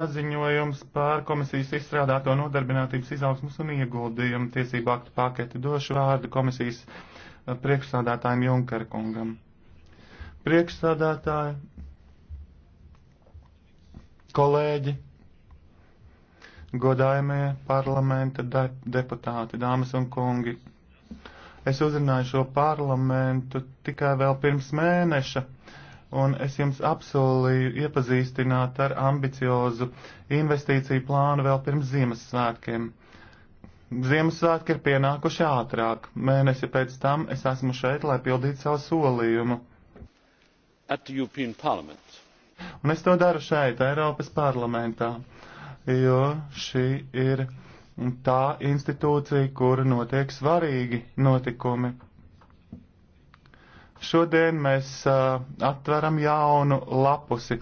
Paziņojums par komisijas izstrādāto nodarbinātības izaugsmus un ieguldījumu tiesību aktu paketi došu vārdu komisijas eh, priekšsādātājiem Junkerkungam. Priekšsādātāji, kolēģi, godājumie parlamenta de deputāti, dāmas un kungi, es uzrunāju šo parlamentu tikai vēl pirms mēneša un es jums apsolīju iepazīstināt ar ambiciozu investīciju plānu vēl pirms Ziemassvētkiem. Ziemassvētki ir pienākuši ātrāk. Mēnesi pēc tam es esmu šeit, lai pildītu savu solījumu. Un es to daru šeit, Eiropas parlamentā, jo šī ir tā institūcija, kur notiek svarīgi notikumi. Šodien mēs uh, atveram jaunu lapusi.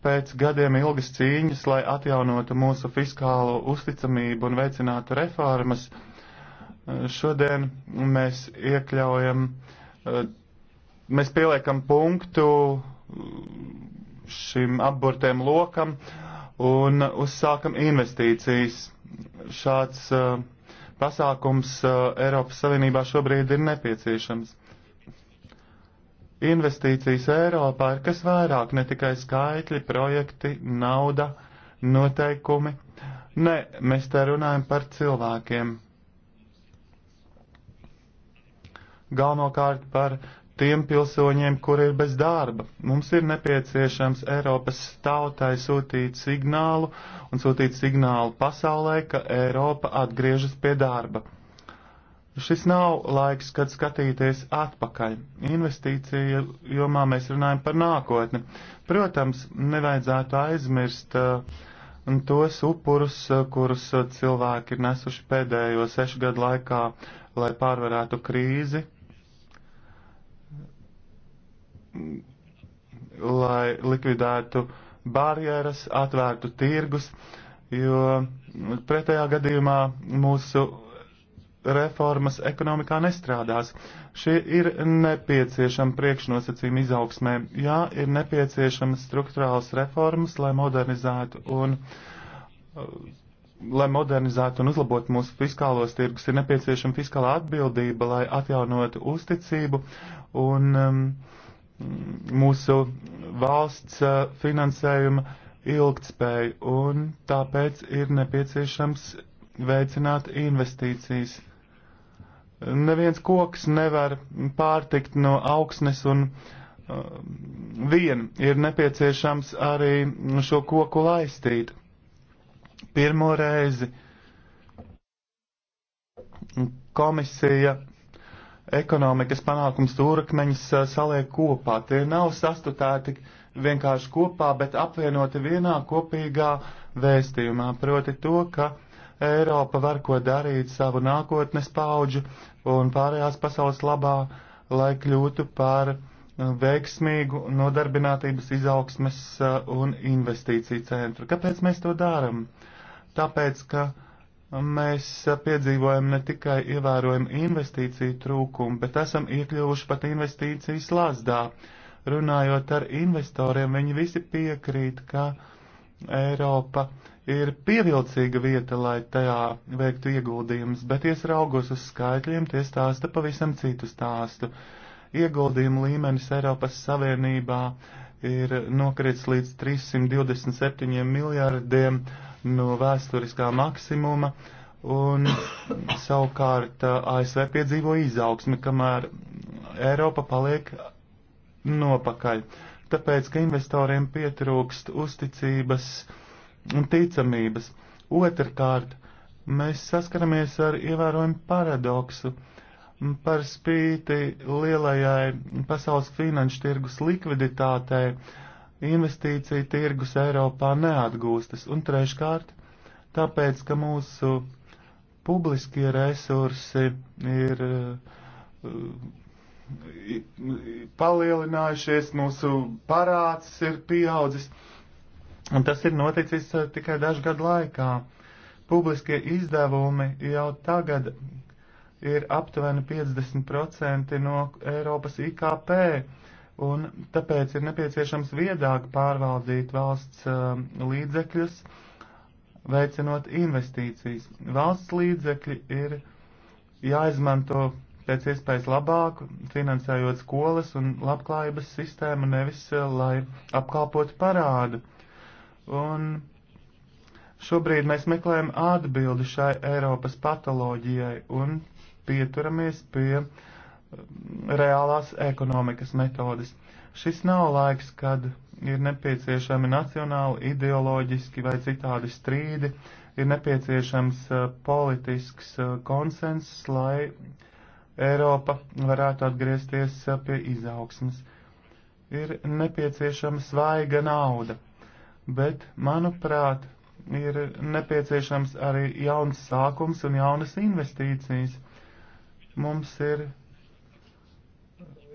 Pēc gadiem ilgas cīņas, lai atjaunotu mūsu fiskālo uzticamību un veicinātu reformas, šodien mēs iekļaujam, uh, mēs pieliekam punktu šim apburtiem lokam un uzsākam investīcijas. Šāds uh, pasākums uh, Eiropas Savienībā šobrīd ir nepieciešams. Investīcijas Eiropā ir kas vairāk, ne tikai skaitļi, projekti, nauda, noteikumi. Nē, mēs te runājam par cilvēkiem. Galvenokārt par tiem pilsoņiem, kuri ir bez darba. Mums ir nepieciešams Eiropas tautai sūtīt signālu un sūtīt signālu pasaulē, ka Eiropa atgriežas pie darba. Šis nav laiks, kad skatīties atpakaļ. Investīcija jomā mēs runājam par nākotni. Protams, nevajadzētu aizmirst uh, tos upurus, uh, kurus uh, cilvēki ir nesuši pēdējo sešu gadu laikā, lai pārvarētu krīzi, lai likvidētu barjeras, atvērtu tirgus, jo pretējā gadījumā mūsu reformas ekonomikā nestrādās. Šie ir nepieciešami priekšnosacījumi izaugsmē. Jā, ir nepieciešamas struktūrāls reformas, lai modernizētu un lai modernizētu un uzlabotu mūsu fiskālos tirgus, ir nepieciešama fiskālā atbildība, lai atjaunotu uzticību un um, mūsu valsts uh, finansējuma ilgtspēju, un tāpēc ir nepieciešams veicināt investīcijas Neviens koks nevar pārtikt no augsnes un uh, vien ir nepieciešams arī šo koku laistīt. Pirmo reizi komisija ekonomikas panākums stūrakmeņus uh, saliek kopā. Tie nav sastutēti vienkārši kopā, bet apvienoti vienā kopīgā vēstījumā, proti to, ka Eiropa var ko darīt savu nākotnes paudžu un pārējās pasaules labā, lai kļūtu par uh, veiksmīgu nodarbinātības izaugsmes uh, un investīciju centru. Kāpēc mēs to darām? Tāpēc, ka mēs uh, piedzīvojam ne tikai ievērojumu investīciju trūkumu, bet esam iekļuvuši pat investīcijas lazdā. Runājot ar investoriem, viņi visi piekrīt, ka Eiropa ir pievilcīga vieta, lai tajā veiktu ieguldījumus, bet iesraugos uz skaitļiem, tie stāsta pavisam citu stāstu. Ieguldījumu līmenis Eiropas Savienībā ir nokritis līdz 327 miljārdiem no vēsturiskā maksimuma, un savukārt ASV piedzīvo izaugsmi, kamēr Eiropa paliek nopakaļ. Tāpēc, ka investoriem pietrūkst uzticības, uh, un ticamības. Otrkārt, mēs saskaramies ar ievērojumu paradoksu. Par spīti lielajai pasaules finanšu tirgus likviditātei, investīcija tirgus Eiropā neatgūstas. Un treškārt, tāpēc, ka mūsu publiskie resursi ir uh, palielinājušies, mūsu parāds ir pieaudzis Un tas ir noticis eh, tikai dažu gadu laikā. Publiskie izdevumi jau tagad ir aptuveni 50% no Eiropas IKP, un tāpēc ir nepieciešams viedāk pārvaldīt valsts uh, līdzekļus, veicinot investīcijas. Valsts līdzekļi ir jāizmanto pēc iespējas labāk, finansējot skolas un labklājības sistēmu, nevis eh, lai apkalpotu parādu. Un šobrīd mēs meklējam atbildi šai Eiropas patoloģijai un pieturamies pie mm, reālās ekonomikas metodes. Šis nav laiks, kad ir nepieciešami nacionāli, ideoloģiski vai citādi strīdi, ir nepieciešams e, politisks e, konsens, lai Eiropa varētu atgriezties e, pie izaugsmas. Ir nepieciešama svaiga nauda bet, manuprāt, ir nepieciešams arī jauns sākums un jaunas investīcijas. Mums ir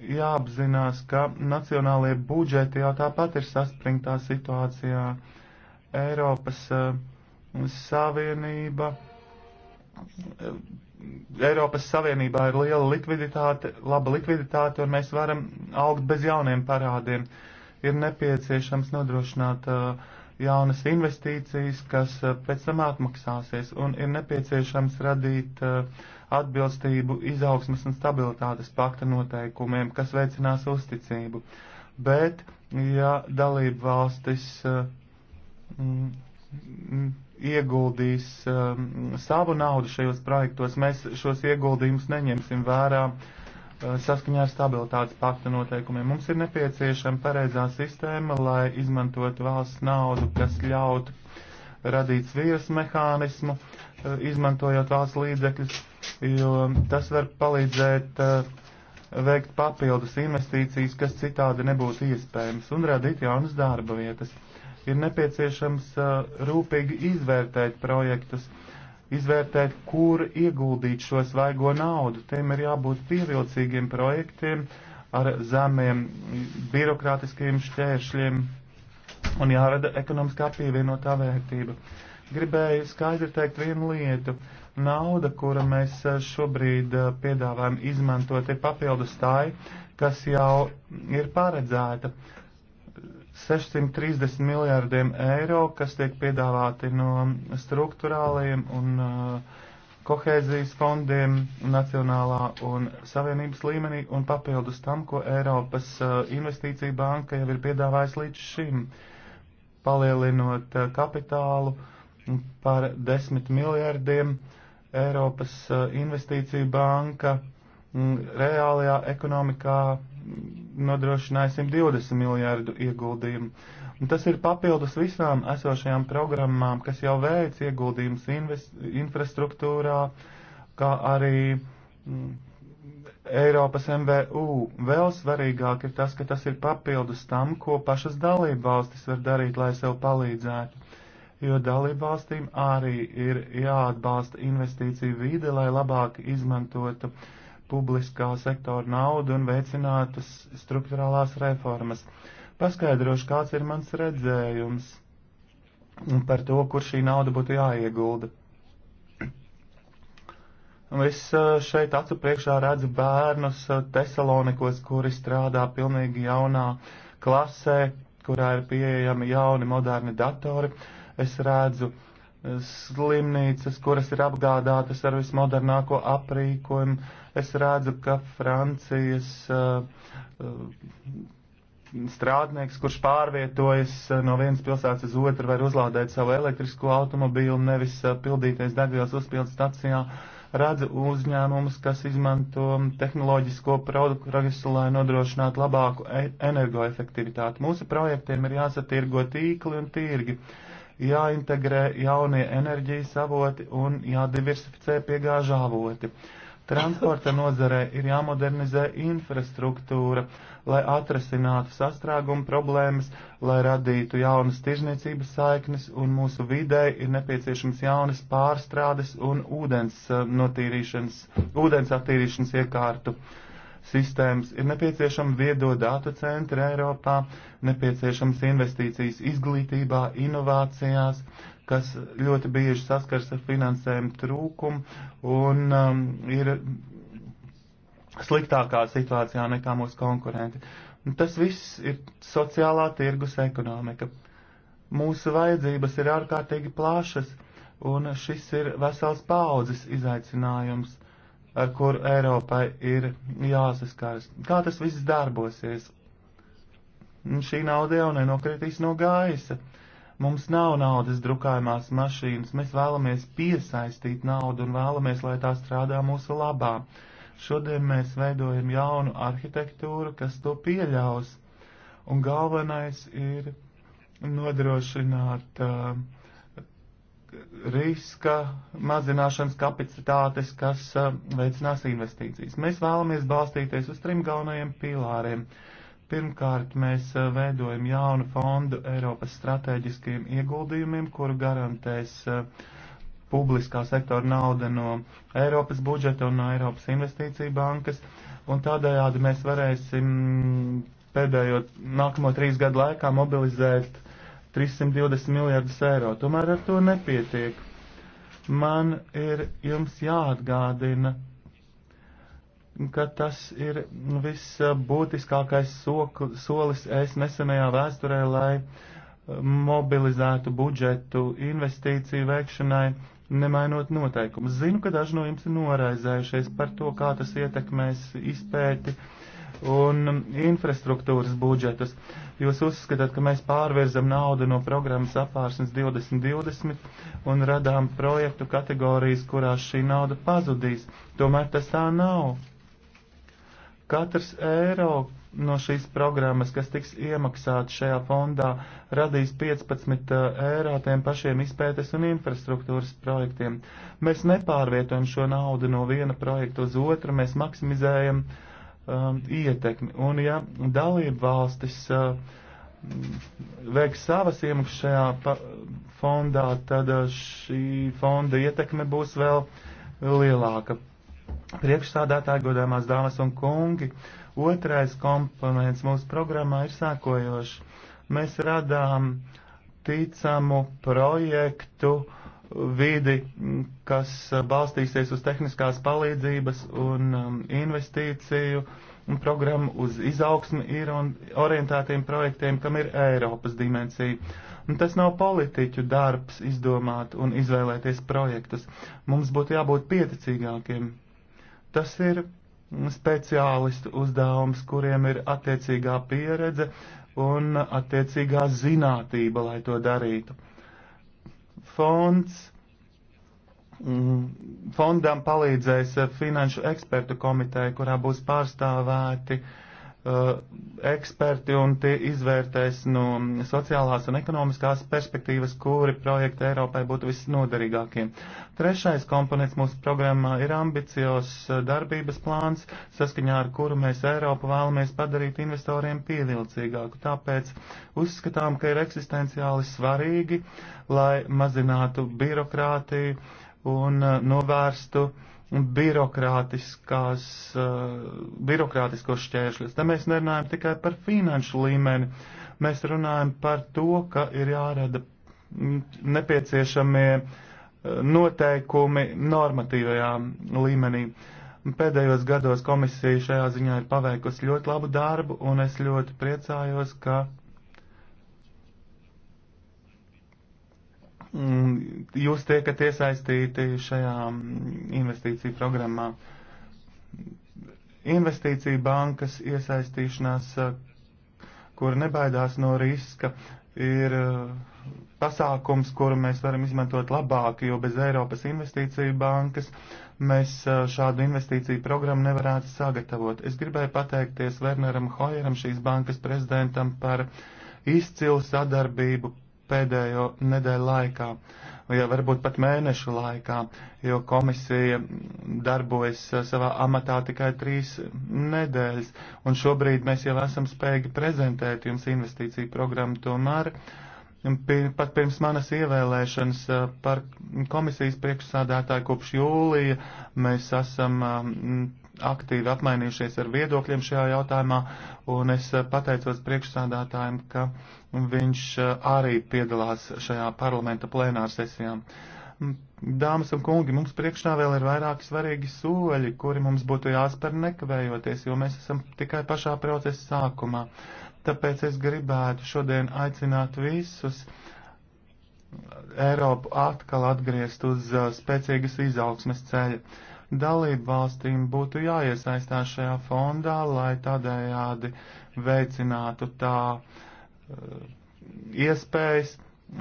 jāapzinās, ka nacionālajie budžeti jau tāpat ir saspringtā situācijā. Eiropas uh, Savienība. Eh, Eiropas Savienībā ir liela likviditāte, laba likviditāte, un mēs varam augt bez jauniem parādiem. Uh, ir nepieciešams nodrošināt uh, jaunas investīcijas, kas uh, pēc tam atmaksāsies, un ir nepieciešams radīt uh, atbilstību izaugsmas un stabilitātes pakta noteikumiem, kas veicinās uzticību. Bet, ja dalība valstis mm, mm, ieguldīs um, savu naudu šajos projektos, mēs šos ieguldījumus neņemsim vērā Eh, saskaņā ar stabilitātes pakta noteikumiem. Mums ir nepieciešama pareizā sistēma, lai izmantotu valsts naudu, kas ļautu radīt svīras mehānismu, eh, izmantojot valsts līdzekļus, jo tas var palīdzēt eh, veikt papildus investīcijas, kas citādi nebūtu iespējams, un radīt jaunas darba vietas. Ir nepieciešams rūpīgi izvērtēt projektus izvērtēt, kur ieguldīt šo svaigo naudu. Tiem ir jābūt pievilcīgiem projektiem ar zemiem birokrātiskiem šķēršļiem un jārada ekonomiskā pievienotā vērtība. Gribēju skaidri teikt vienu lietu. Nauda, kura mēs eh, šobrīd eh, piedāvājam izmantot, ir papildus tai, kas jau ir paredzēta. 630 miljārdiem eiro, kas tiek piedāvāti no struktūrālajiem un uh, kohēzijas fondiem nacionālā un savienības līmenī un papildus tam, ko Eiropas uh, investīcija banka jau ir piedāvājusi līdz šim, palielinot uh, kapitālu par 10 miljārdiem. Eiropas uh, investīcija banka mm, reālajā ekonomikā nodrošināsim 20 miljārdu ieguldījumu. Un tas ir papildus visām esošajām programmām, kas jau veic ieguldījumus infrastruktūrā, kā arī mm, Eiropas MVU. Vēl svarīgāk ir tas, ka tas ir papildus tam, ko pašas dalība valstis var darīt, lai sev palīdzētu. Jo dalība valstīm arī ir jāatbalsta investīcija vīde, lai labāk izmantotu uh, publiskā sektora naudu un veicinātas struktūrālās reformas. Paskaidrošu, kāds ir mans redzējums par to, kur šī nauda būtu jāiegulda. Es šeit acu priekšā redzu bērnus Tesalonikos, kuri strādā pilnīgi jaunā klasē, kurā ir pieejami jauni moderni datori. Es redzu uh, slimnīcas, kuras ir apgādātas ar vismodernāko aprīkojumu. Es redzu, ka Francijas uh, uh, strādnieks, kurš pārvietojas uh, no vienas pilsētas uz otru, var uzlādēt savu elektrisko automobīlu, nevis pildīties degvielas uzpildes stacijā. Redzu uzņēmumus, kas izmanto tehnoloģisko progresu, lai nodrošinātu labāku e-, energoefektivitāti. Mūsu projektiem ir jāsatirgo tīkli un tirgi. Uh, jāintegrē jaunie enerģijas avoti un jādiversificē piegāžu avoti. Transporta nozarē ir jāmodernizē infrastruktūra, lai atrasinātu sastrāgumu problēmas, lai radītu jaunas tirzniecības saiknes, un mūsu videi ir nepieciešams jaunas pārstrādes un ūdens, eh, notīrīšanas, ūdens attīrīšanas iekārtu. Uh, sistēmas, ir nepieciešama viedo datu centra Eiropā, nepieciešamas investīcijas izglītībā, inovācijās, kas ļoti bieži saskars ar finansējumu trūkumu un um, ir sliktākā situācijā nekā mūsu konkurenti. Un tas viss ir sociālā tirgus ekonomika. Mūsu vajadzības ir ārkārtīgi plašas, un šis ir vesels paudzes izaicinājums ar kuru Eiropai ir jāsaskars. Kā tas viss darbosies? Šī nauda jau nenokritīs no gaisa. Mums nav naudas drukājumās mašīnas, mēs vēlamies piesaistīt naudu un vēlamies, lai tā strādā mūsu labā. Šodien mēs veidojam jaunu arhitektūru, kas to pieļaus. Un galvenais ir nodrošināt uh, riska mazināšanas kapacitātes, kas veicinās investīcijas. Mēs vēlamies balstīties uz trim galvenajiem pīlāriem. Pirmkārt, mēs veidojam jaunu fondu Eiropas strateģiskiem ieguldījumiem, kuru garantēs publiskā sektora nauda no Eiropas budžeta un no Eiropas investīcija bankas. Un tādējādi mēs varēsim pēdējo nākamo trīs gadu laikā mobilizēt 320 miljardus eiro. Tomēr ar to nepietiek. Man ir jums jāatgādina, ka tas ir visbūtiskākais solis es nesenajā vēsturē, lai mobilizētu budžetu investīciju veikšanai, nemainot noteikumus. Zinu, ka daži no jums ir noraizējušies par to, kā tas ietekmēs izpēti un infrastruktūras budžetus. Jūs uzskatāt, ka mēs pārvirzam naudu no programmas apvārsnes 2020 un radām projektu kategorijas, kurās šī nauda pazudīs. Tomēr tas tā nav. Katrs eiro no šīs programmas, kas tiks iemaksāts šajā fondā, radīs 15 uh, eiro tiem pašiem izpētes un infrastruktūras projektiem. Mēs nepārvietojam šo naudu no viena projekta uz otru, mēs maksimizējam uh, um, ietekmi. Un ja dalību valstis uh, veiks savas iemaksas šajā fondā, tad uh, šī fonda ietekme būs vēl lielāka. Priekšsādātāji, godāmās dāmas un kungi, otrais komponents mūsu programmā ir sākojošs. Mēs radām ticamu projektu, uh, vidi, kas uh, balstīsies uz tehniskās palīdzības un um, investīciju programmu, uz izaugsmi ir un orientētiem projektiem, kam ir Eiropas dimensija. Un tas nav politiķu darbs izdomāt un izvēlēties projektus. Mums būtu jābūt pieticīgākiem. Tas ir speciālistu uzdevums, kuriem ir attiecīgā pieredze un attiecīgā zinātība, lai to darītu fonds mm, fondam palīdzēs eh, finanšu ekspertu komiteja, kurā būs pārstāvēti uh, Uh, eksperti un tie izvērtēs no nu, sociālās un ekonomiskās perspektīvas, kuri projekti Eiropai būtu visnoderīgākie. Trešais komponents mūsu programmā ir ambiciozs uh, darbības plāns, saskaņā ar kuru mēs Eiropu vēlamies padarīt investoriem pievilcīgāku. Tāpēc uzskatām, ka ir eksistenciāli svarīgi, lai mazinātu birokrātiju un uh, novērstu uh, birokrātiskās, uh, birokrātiskos šķēršļus. Te mēs nerunājam tikai par finanšu līmeni, mēs runājam par to, ka ir jārada nepieciešamie eh, noteikumi normatīvajā līmenī. Pēdējos gados komisija šajā ziņā ir paveikusi ļoti labu darbu, un es ļoti priecājos, ka Mm, jūs tiekat iesaistīti šajā mm, investīciju programmā. Investīcija bankas iesaistīšanās, eh, kur nebaidās no riska, ir eh, pasākums, kuru mēs varam izmantot labāk, jo bez Eiropas investīciju bankas mēs eh, šādu investīciju programmu nevarētu sagatavot. Es gribēju pateikties Werneram Hoyeram, šīs bankas prezidentam, par izcilu sadarbību, pēdējo nedēļu laikā, ja varbūt pat mēnešu laikā, jo komisija darbojas uh, savā amatā tikai trīs nedēļas, un šobrīd mēs jau esam spējīgi prezentēt jums investīciju programmu tomēr. Pat pirms manas ievēlēšanas uh, par komisijas priekšsādātāju kopš jūlija mēs esam um, aktīvi apmainījušies ar viedokļiem šajā jautājumā, un es uh, pateicos priekšsādātājiem, ka Viņš eh, arī piedalās šajā parlamenta plenārsesijā. Dāmas un kungi, mums priekšā vēl ir vairāki svarīgi soļi, kuri mums būtu jāspēr nekavējoties, jo mēs esam tikai pašā procesa sākumā. Tāpēc es gribētu šodien aicināt visus Eiropu atkal atgriezt uz eh, spēcīgas izaugsmes ceļa. Dalību valstīm būtu jāiesaistās šajā fondā, lai tādējādi veicinātu tā uh, Uh, iespējas,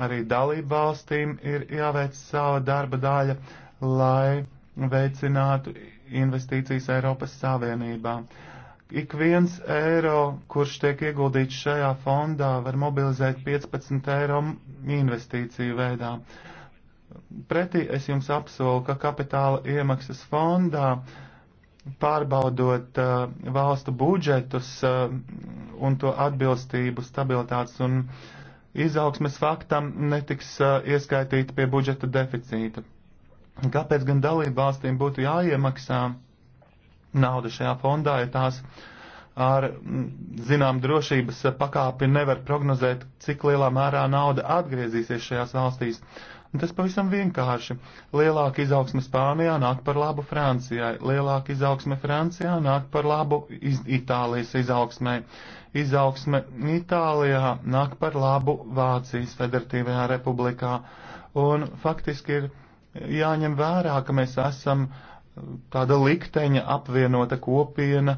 arī dalību valstīm ir jāveic sava darba daļa, lai veicinātu investīcijas Eiropas Savienībā. Ik viens eiro, kurš tiek ieguldīts šajā fondā, var mobilizēt 15 eiro investīciju veidā. Pretī es jums apsolu, ka kapitāla iemaksas fondā uh, pārbaudot uh, valstu budžetus uh, un to atbilstību stabilitātes un izaugsmes faktam netiks uh, ieskaitīti pie budžeta deficīta. Kāpēc gan dalību valstīm būtu jāiemaksā nauda šajā fondā, ja tās ar, mm, zinām, drošības pakāpi nevar prognozēt, cik lielā mērā nauda atgriezīsies šajās valstīs? Uh, Un tas pavisam vienkārši. Lielāka izaugsme Spānijā nāk par labu Francijai, lielāka izaugsme Francijā nāk par labu iz Itālijas izaugsmai. Izaugsme Itālijā nāk par labu Vācijas Federatīvajā republikā. Un faktiski ir jāņem vērā, ka mēs esam eh, tāda likteņa apvienota kopiena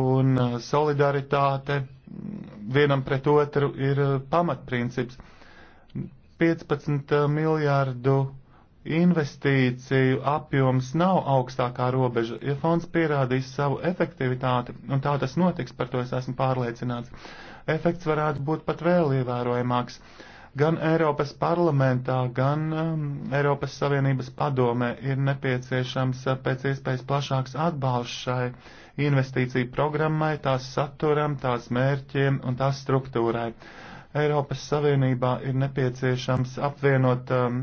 un eh, solidaritāte mm, vienam pret otru ir eh, pamatprincips 15 eh, miljārdu investīciju apjoms nav augstākā robeža. Ja fonds pierādīs savu efektivitāti, un tā tas notiks, par to es esmu pārliecināts, efekts varētu būt pat vēl ievērojamāks. Gan Eiropas parlamentā, gan um, Eiropas Savienības padomē ir nepieciešams eh, pēc iespējas plašāks atbalsts šai investīciju programmai, tās saturam, tās mērķiem un tās struktūrai. Uh, Eiropas Savienībā ir nepieciešams apvienot um,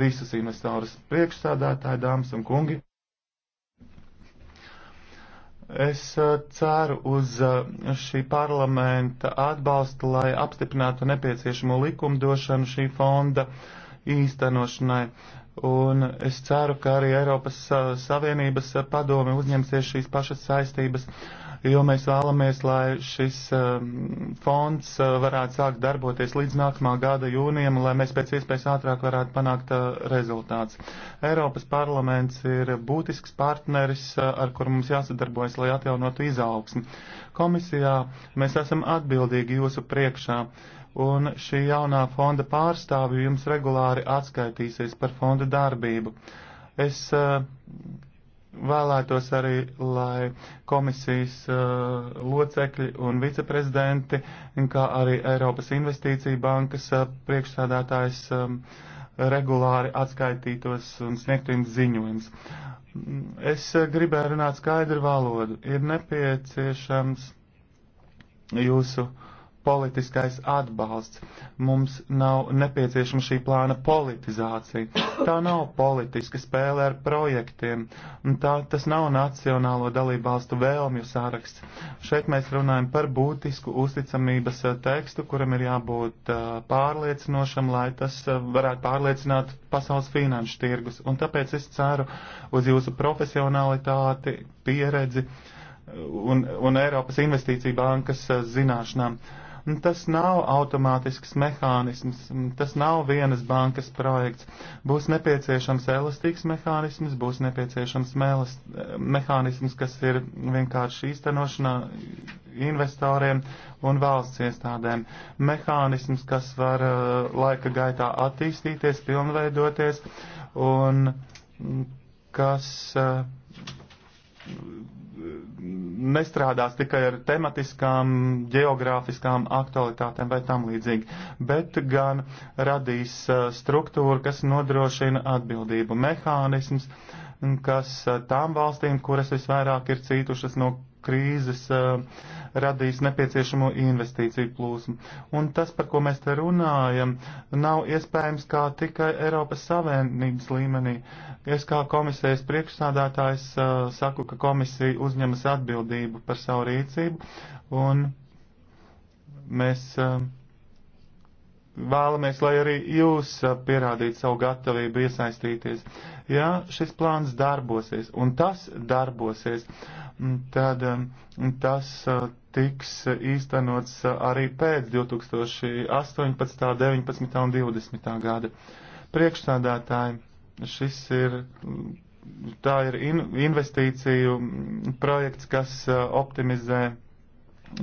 visus investorus priekšsādātāji, dāmas un kungi. Es uh, ceru uz uh, šī parlamenta atbalstu, lai apstiprinātu nepieciešamo likumdošanu šī fonda īstenošanai. Un es ceru, ka arī Eiropas uh, Savienības uh, padome uzņemsies šīs pašas saistības. Uh, jo mēs vēlamies, lai šis um, fonds uh, varētu sākt darboties līdz nākamā gada jūnijam, lai mēs pēc iespējas ātrāk varētu panākt uh, rezultāts. Eiropas parlaments ir būtisks partneris, uh, ar kuru mums jāsadarbojas, lai atjaunotu izaugsmi. Komisijā mēs esam atbildīgi jūsu priekšā un šī jaunā fonda pārstāvju jums regulāri atskaitīsies par fonda darbību. Es uh, Vēlētos arī, lai komisijas uh, locekļi un viceprezidenti, kā arī Eiropas Investīcija bankas uh, priekšsādātājs um, regulāri atskaitītos un sniegtu jums ziņojums. Es uh, gribēju runāt skaidru valodu. Ir nepieciešams jūsu uh, politiskais atbalsts. Mums nav nepieciešama šī plāna politizācija. Tā nav politiska spēle ar projektiem. Tā, tas nav nacionālo dalībvalstu vēlmju saraksts. Šeit mēs runājam par būtisku uzticamības eh, tekstu, kuram ir jābūt eh, pārliecinošam, lai tas eh, varētu pārliecināt pasaules finanšu tirgus. Un tāpēc es ceru uz jūsu profesionalitāti, pieredzi un, un Eiropas investīcija bankas zināšanām. Uh, Nu, tas nav automātisks mehānisms, mm, tas nav vienas bankas projekts. Būs nepieciešams elastīgs mehānisms, būs nepieciešams mēlas, eh, mehānisms, kas ir vienkārši īstenošanā investoriem un valsts iestādēm. Mehānisms, kas var eh, laika gaitā attīstīties, pilnveidoties un mm, kas eh, nestrādās tikai ar tematiskām, geogrāfiskām aktualitātēm vai tam līdzīgi, bet gan radīs uh, struktūru, kas nodrošina atbildību mehānisms, kas uh, tām valstīm, kuras visvairāk ir cītušas no krīzes eh, radīs nepieciešamo investīciju plūsmu. Un tas, par ko mēs te runājam, nav iespējams kā tikai Eiropas Savienības līmenī. Es kā komisijas priekšsādātājs eh, saku, ka komisija uzņemas atbildību par savu rīcību, un mēs uh, vēlamies, lai arī jūs pierādītu savu gatavību iesaistīties. Ja šis plāns darbosies, un tas darbosies, tad tas tiks īstenots arī pēc 2018, 19 un 20 gada. Priekšsādātāji, šis ir, tā ir in, investīciju projekts, kas optimizē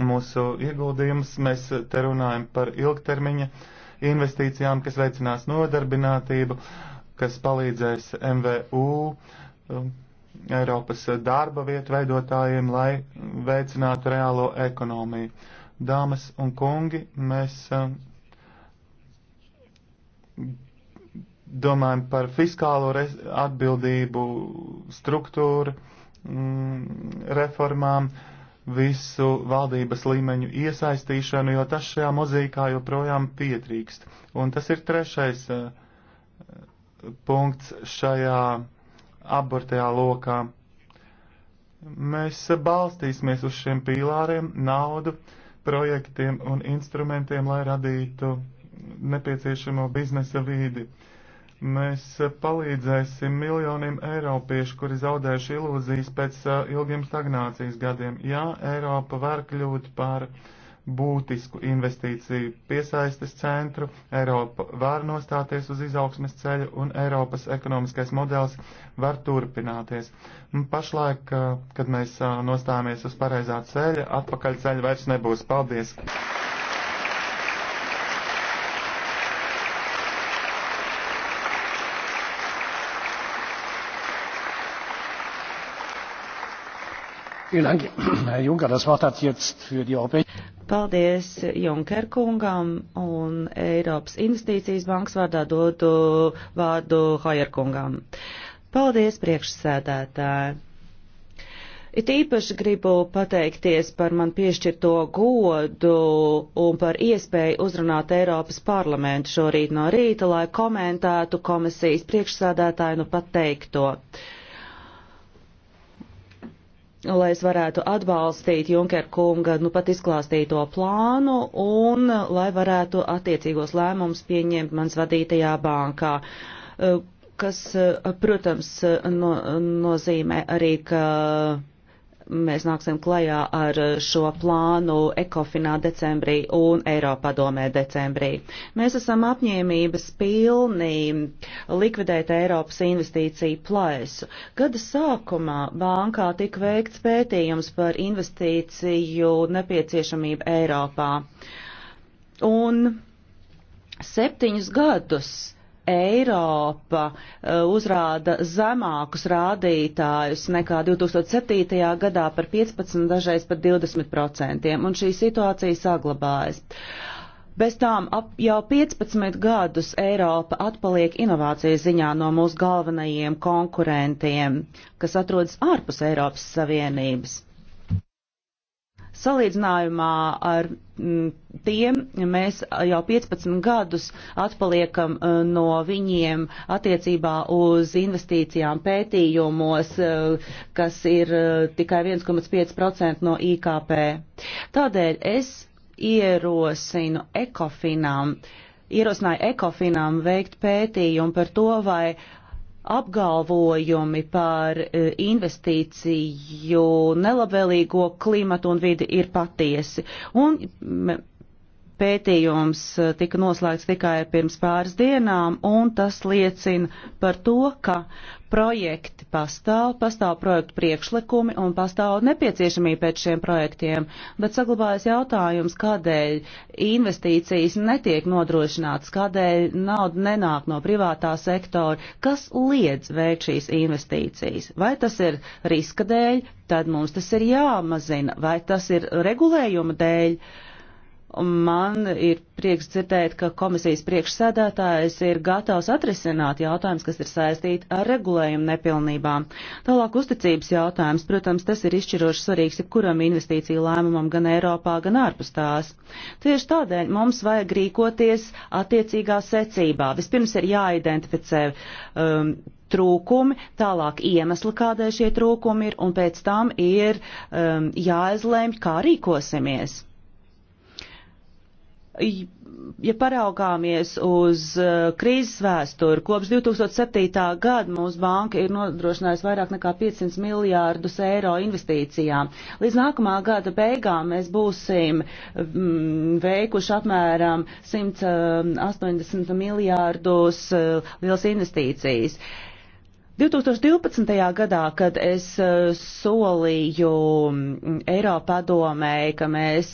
mūsu ieguldījumus. Mēs te runājam par ilgtermiņa investīcijām, kas veicinās nodarbinātību, kas palīdzēs MVU, um, Eiropas darba vietu veidotājiem, lai veicinātu reālo ekonomiju. Dāmas un kungi, mēs um, domājam par fiskālo atbildību, struktūru mm, reformām, visu valdības līmeņu iesaistīšanu, jo tas šajā mozīkā joprojām pietrīkst. Un tas ir trešais eh, punkts šajā abortajā lokā. Mēs balstīsimies uz šiem pīlāriem, naudu, projektiem un instrumentiem, lai radītu nepieciešamo biznesa vīdi. Uh, Mēs eh, palīdzēsim miljoniem eiropiešu, kuri zaudējuši ilūzijas pēc eh, ilgiem stagnācijas gadiem. Jā, Eiropa var kļūt par būtisku investīciju piesaistes centru, Eiropa var nostāties uz izaugsmes ceļa un Eiropas ekonomiskais modelis var turpināties. Pašlaik, eh, kad mēs nostājamies uz pareizā ceļa, atpakaļ ceļa vairs nebūs. Paldies! Paldies Junker kungam un Eiropas investīcijas bankas vārdā dodu vārdu Hojer kungam. Paldies priekšsēdētāji. It īpaši gribu pateikties par man piešķirto godu un par iespēju uzrunāt Eiropas parlamentu šorīt no rīta, lai komentētu komisijas priekšsādātāju nu pateikto. Uh, lai es varētu atbalstīt Junker kunga nu pat izklāstīto plānu un uh, lai varētu attiecīgos lēmumus pieņemt mans vadītajā bankā uh, kas, uh, protams, no, nozīmē arī, ka mēs nāksim klajā ar šo plānu Ekofinā decembrī un Eiropadomē decembrī. Mēs esam apņēmības pilni likvidēt Eiropas investīciju plaisu. Gada sākumā bankā tika veikts pētījums par investīciju nepieciešamību Eiropā. Un septiņus gadus Eiropa uh, uzrāda zemākus rādītājus nekā 2007. gadā par 15, dažreiz par 20 procentiem, un šī situācija saglabājas. Bez tām ap jau 15 gadus Eiropa atpaliek inovācijas ziņā no mūsu galvenajiem konkurentiem, kas atrodas ārpus Eiropas Savienības. Salīdzinājumā ar mm, tiem mēs jau 15 gadus atpaliekam eh, no viņiem attiecībā uz investīcijām pētījumos, eh, kas ir eh, tikai 1,5% no IKP. Tādēļ es ierosinu ekofinām, ierosināju ekofinām veikt pētījumu par to, vai uh, apgalvojumi par e, investīciju nelabvēlīgo klimatu un vidi ir patiesi. Un pētījums eh, tika noslēgts tikai pirms pāris dienām, un tas liecina par to, ka projekti pastāv, pastāv projektu priekšlikumi un pastāv nepieciešamība pēc šiem projektiem, bet saglabājas jautājums, kādēļ investīcijas netiek nodrošinātas, kādēļ nauda nenāk no privātā sektora, kas liedz veikt šīs investīcijas. Vai tas ir riska dēļ, tad mums tas ir jāmazina, vai tas ir regulējuma dēļ Man ir prieks dzirdēt, ka komisijas priekšsēdētājs ir gatavs atrisināt jautājumus, kas ir saistīti ar regulējumu nepilnībām. Tālāk uzticības jautājums, protams, tas ir izšķiroši svarīgs jebkuram investīciju lēmumam gan Eiropā, gan ārpus tās. Tieši tādēļ mums vajag rīkoties attiecīgā secībā. Vispirms ir jāidentificē. Um, trūkumi, tālāk iemesli, kādēļ šie trūkumi ir, un pēc tam ir um, jāizlēmj, kā rīkosimies ja paraugāmies uz eh, krīzes vēsturi, kopš 2007. gada mūsu banka ir nodrošinājusi vairāk nekā 500 miljārdus eiro investīcijām. Līdz nākamā gada beigām mēs būsim mm, veikuši apmēram 180 miljārdus eh, liels investīcijas. 2012. gadā, kad es eh, solīju mm, Eiropadomē, ka mēs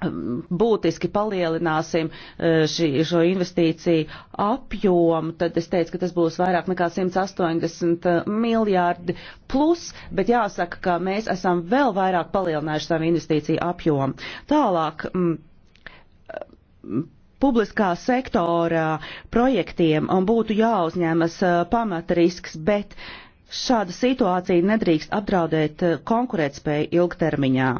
būtiski palielināsim e, šī, šo investīciju apjomu, tad es teicu, ka tas būs vairāk nekā 180 e, miljārdi plus, bet jāsaka, ka mēs esam vēl vairāk palielinājuši savu investīciju apjomu. Tālāk. M, publiskā sektora projektiem un būtu jāuzņemas e, pamatrisks, bet šāda situācija nedrīkst apdraudēt konkurētspēju ilgtermiņā.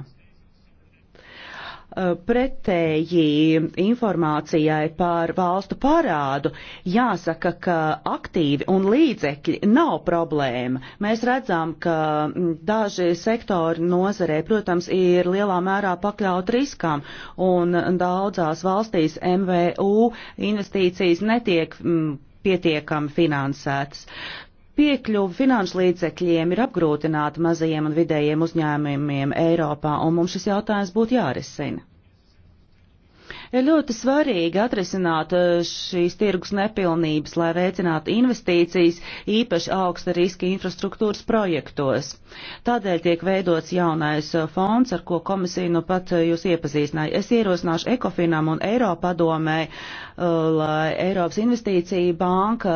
Eh, pretēji informācijai par valstu parādu, jāsaka, ka aktīvi un līdzekļi nav problēma. Mēs redzam, ka mm, daži sektori nozarē, protams, ir lielā mērā pakļaut riskam, un daudzās valstīs MVU investīcijas netiek mm, pietiekami finansētas. Piekļuvi finanšu līdzekļiem ir apgrūtināta mazajiem un vidējiem uzņēmumiem Eiropā, un mums šis jautājums būtu jārisina. Ir ļoti svarīgi atrisināt eh, šīs tirgus nepilnības, lai veicinātu investīcijas īpaši augsta riska infrastruktūras projektos. Tādēļ tiek veidots jaunais eh, fonds, ar ko komisija nu pat eh, jūs iepazīstināja. Es ierosināšu Ekofinam un Eiropadomē, lai Eiropas investīcija banka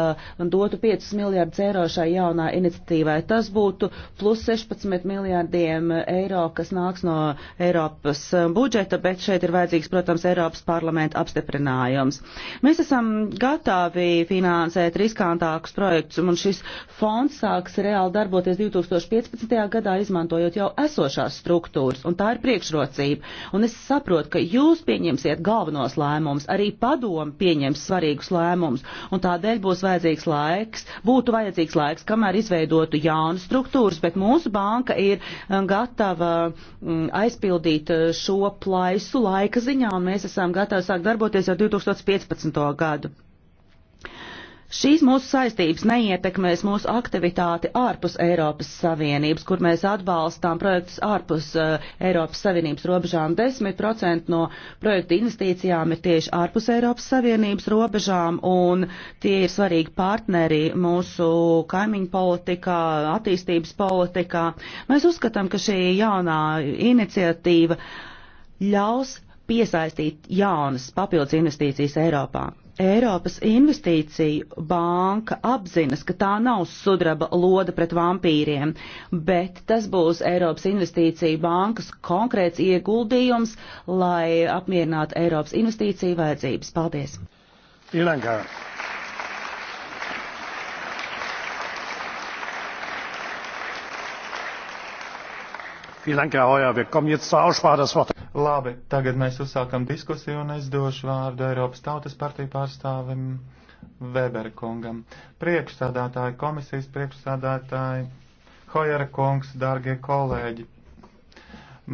dotu 5 miljārdus eiro šai jaunā iniciatīvai. Tas būtu plus 16 miljārdiem eiro, kas nāks no Eiropas budžeta, bet šeit ir vajadzīgs, protams, Eiropas Eiropas parlamenta apstiprinājums. Mēs esam gatavi finansēt riskantākus projektus, un šis fonds sāks reāli darboties 2015. gadā, izmantojot jau esošās struktūras, un tā ir priekšrocība. Un es saprotu, ka jūs pieņemsiet galvenos lēmumus, arī padomu pieņems svarīgus lēmumus, un tādēļ būs vajadzīgs laiks, būtu vajadzīgs laiks, kamēr izveidotu jaunu struktūras, bet mūsu banka ir um, gatava mm, aizpildīt uh, šo plaisu laika ziņā, un mēs esam bijām gatavi sākt darboties jau 2015. gadu. Šīs mūsu saistības neietekmēs mūsu aktivitāti ārpus Eiropas Savienības, kur mēs atbalstām projektus ārpus uh, Eiropas Savienības robežām. 10% no projektu investīcijām ir tieši ārpus Eiropas Savienības robežām, un tie ir svarīgi partneri mūsu kaimiņu politikā, attīstības politikā. Mēs uzskatām, ka šī jaunā iniciatīva ļaus piesaistīt jaunas papildus investīcijas Eiropā. Eiropas investīciju banka apzinas, ka tā nav sudraba loda pret vampīriem, bet tas būs Eiropas investīciju bankas konkrēts ieguldījums, lai apmierinātu Eiropas investīciju vajadzības. Paldies! Ielankā. Labi, tagad mēs uzsākam diskusiju un es došu vārdu Eiropas Tautas partiju pārstāvim Webera kungam. Priekšsādātāji, komisijas priekšsādātāji, Hojera kungs, dārgie kolēģi.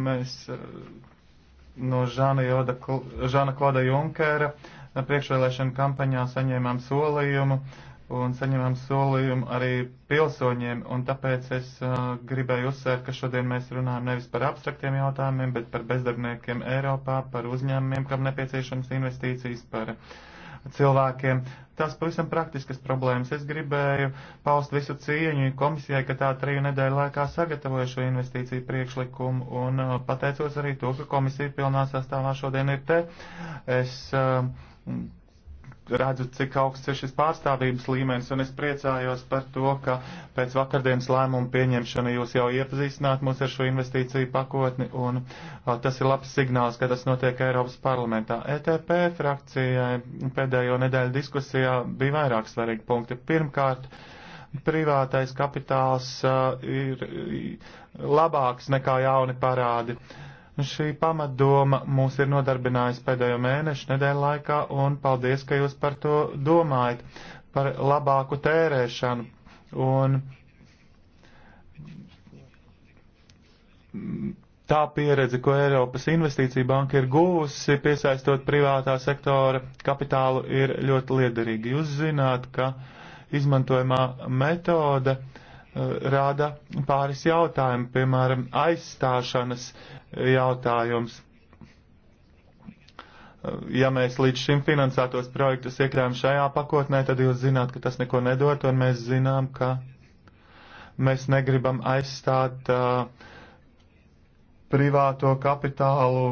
Mēs eh, no Žana, Joda, Žana Kloda Junkera priekšvēlēšana kampaņā saņēmām solījumu un saņemam solījumu arī pilsoņiem, un tāpēc es uh, gribēju uzsvērt, ka šodien mēs runājam nevis par abstraktiem jautājumiem, bet par bezdarbniekiem Eiropā, par uzņēmumiem, kam nepieciešams investīcijas, par cilvēkiem. Tās pavisam praktiskas problēmas. Es gribēju paust visu cieņu komisijai, ka tā triju nedēļu laikā sagatavoja šo investīciju priekšlikumu, un uh, pateicos arī to, ka komisija pilnā sastāvā šodien ir te. Es, uh, redzu, cik augsts ir šis pārstāvības līmenis, un es priecājos par to, ka pēc vakardienas lēmumu pieņemšana jūs jau iepazīstināt mūs ar šo investīciju pakotni, un a, tas ir labs signāls, ka tas notiek Eiropas parlamentā. ETP frakcijai pēdējo nedēļu diskusijā bija vairāk svarīgi punkti. Pirmkārt, privātais kapitāls a, ir labāks nekā jauni parādi. A, Šī pamatdoma mūs ir nodarbinājusi pēdējo mēnešu nedēļu laikā, un paldies, ka jūs par to domājat, par labāku tērēšanu. Un tā pieredze, ko Eiropas investīcija banka ir guvusi, piesaistot privātā sektora kapitālu, ir ļoti liederīga. Jūs zināt, ka izmantojamā metode uh, Uh, rāda pāris jautājumu, piemēram, aizstāšanas jautājums. Uh, ja mēs līdz šim finansētos projektus iekrājam šajā pakotnē, tad jūs zināt, ka tas neko nedot, un mēs zinām, ka mēs negribam aizstāt uh, privāto kapitālu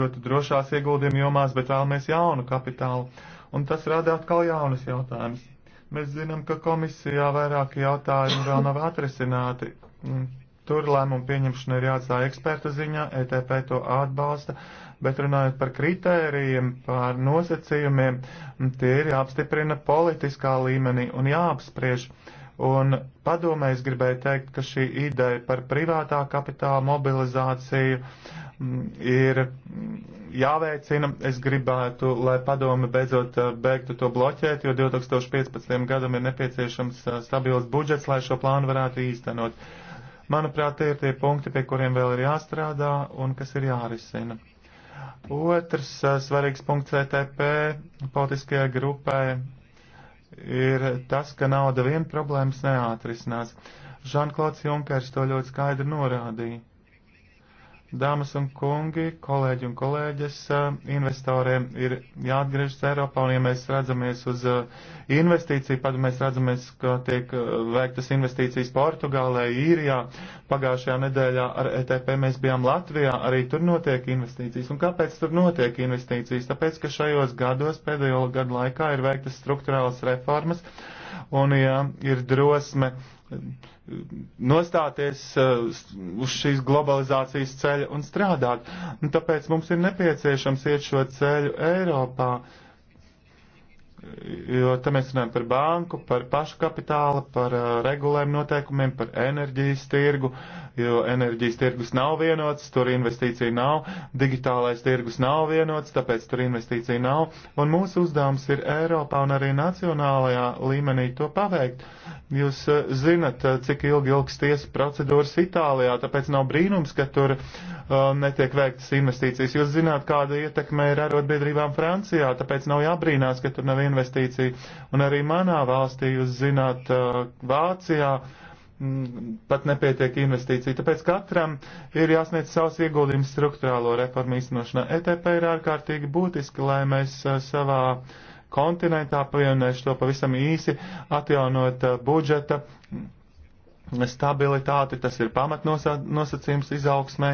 ļoti drošās ieguldījumu jomās, bet vēlamies jaunu kapitālu. Un tas rada atkal jaunas jautājumas Mēs zinām, ka komisijā vairāki jautājumi vēl nav atrisināti. Mm, Tur lēmumu pieņemšana ir jāatstāja eksperta ziņā, ETP to atbalsta, bet runājot par kritērijiem, par nosacījumiem, mm, tie ir jāapstiprina politiskā līmenī un jāapspriež. Un padomē es gribēju teikt, ka šī ideja par privātā kapitāla mobilizāciju uh, ir jāveicina. Es gribētu, lai padome beidzot eh, beigtu to bloķēt, jo 2015. gadam ir nepieciešams eh, stabils budžets, lai šo plānu varētu īstenot. Manuprāt, tie ir tie punkti, pie kuriem vēl ir jāstrādā un kas ir jārisina. Otrs eh, svarīgs punkts ETP politiskajai grupai ir tas, ka nauda vien problēmas neatrisinās. Žanklauds Junkers to ļoti skaidri norādīja. Dāmas un kungi, kolēģi un kolēģis, eh, investoriem ir jāatgriežas Eiropā, un ja mēs redzamies uz eh, investīciju, pat mēs redzamies, ka tiek eh, veiktas investīcijas Portugālē, Īrijā. Pagājušajā nedēļā ar ETP mēs bijām Latvijā, arī tur notiek investīcijas. Un kāpēc tur notiek investīcijas? Tāpēc, ka šajos gados, pēdējo gadu laikā, ir veiktas struktūrālas reformas, un ja ir drosme nostāties eh, uz šīs globalizācijas ceļa un strādāt. Un tāpēc mums ir nepieciešams iet šo ceļu Eiropā. Uh, jo te mēs runājam par banku, par pašu kapitālu, par uh, regulējumu noteikumiem, par enerģijas tirgu, jo enerģijas tirgus nav vienots, tur investīcija nav, digitālais tirgus nav vienots, tāpēc tur investīcija nav, un mūsu uzdevums ir Eiropā un arī nacionālajā līmenī to paveikt. Jūs uh, zinat, uh, cik ilgi ilgs tiesa procedūras Itālijā, tāpēc nav brīnums, ka tur uh, Uh, netiek veiktas investīcijas. Jūs zināt, kāda ietekme ir arotbiedrībām Francijā, tāpēc nav jābrīnās, ka tur nav investīcija. Un arī manā valstī, jūs zināt, uh, Vācijā mm, pat nepietiek investīcija. Tāpēc katram ir jāsniedz savs ieguldījums struktūrālo reformu īstenošanā. ETP ir ārkārtīgi būtiski, lai mēs uh, savā kontinentā, pievienošu to pavisam īsi, atjaunot budžeta stabilitāti, tas ir pamatnosacījums izaugsmē,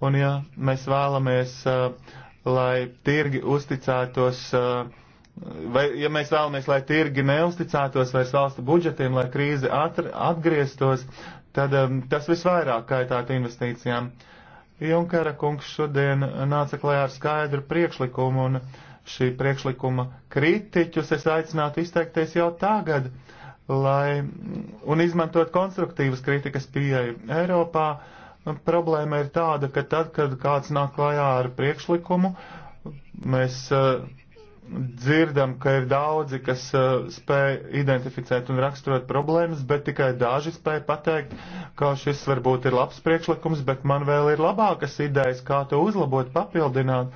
Un ja mēs vēlamies, uh, lai tirgi uzticētos, uh, vai ja mēs vēlamies, lai tirgi neuzticētos vairs valstu budžetiem, lai krīze atgrieztos, tad um, tas visvairāk kaitētu investīcijām. Junkara kungs šodien nāca klajā ar skaidru priekšlikumu, un šī priekšlikuma kritiķus es aicinātu izteikties jau tagad, lai un izmantot konstruktīvas kritikas pieeju Eiropā Problēma ir tāda, ka tad, kad kāds nāk klajā ar priekšlikumu, mēs uh, dzirdam, ka ir daudzi, kas uh, spēj identificēt un raksturot problēmas, bet tikai daži spēj pateikt, ka šis varbūt ir labs priekšlikums, bet man vēl ir labākas idejas, kā to uzlabot, papildināt.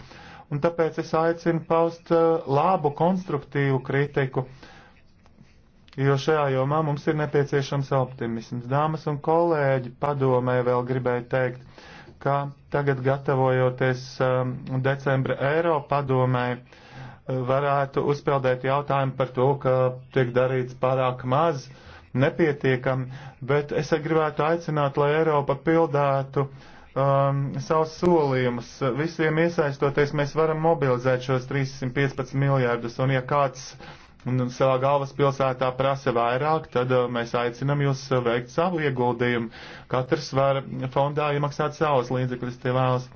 Un tāpēc es aicinu paust uh, labu, konstruktīvu kritiku. Uh, jo šajā jomā mums ir nepieciešams optimisms. Dāmas un kolēģi padomē vēl gribēju teikt, ka tagad gatavojoties um, decembra Eiro padomē, uh, varētu uzpeldēt jautājumu par to, ka tiek darīts pārāk maz, nepietiekam, bet es gribētu aicināt, lai Eiropa pildētu uh, um, savus solījumus. Visiem iesaistoties, mēs varam mobilizēt šos 315 miljārdus, un ja kāds uh, savā galvaspilsētā prasa vairāk, tad uh, mēs aicinam jūs uh, veikt savu ieguldījumu. Katrs var fondā iemaksāt savus līdzekļus, tie vēlas.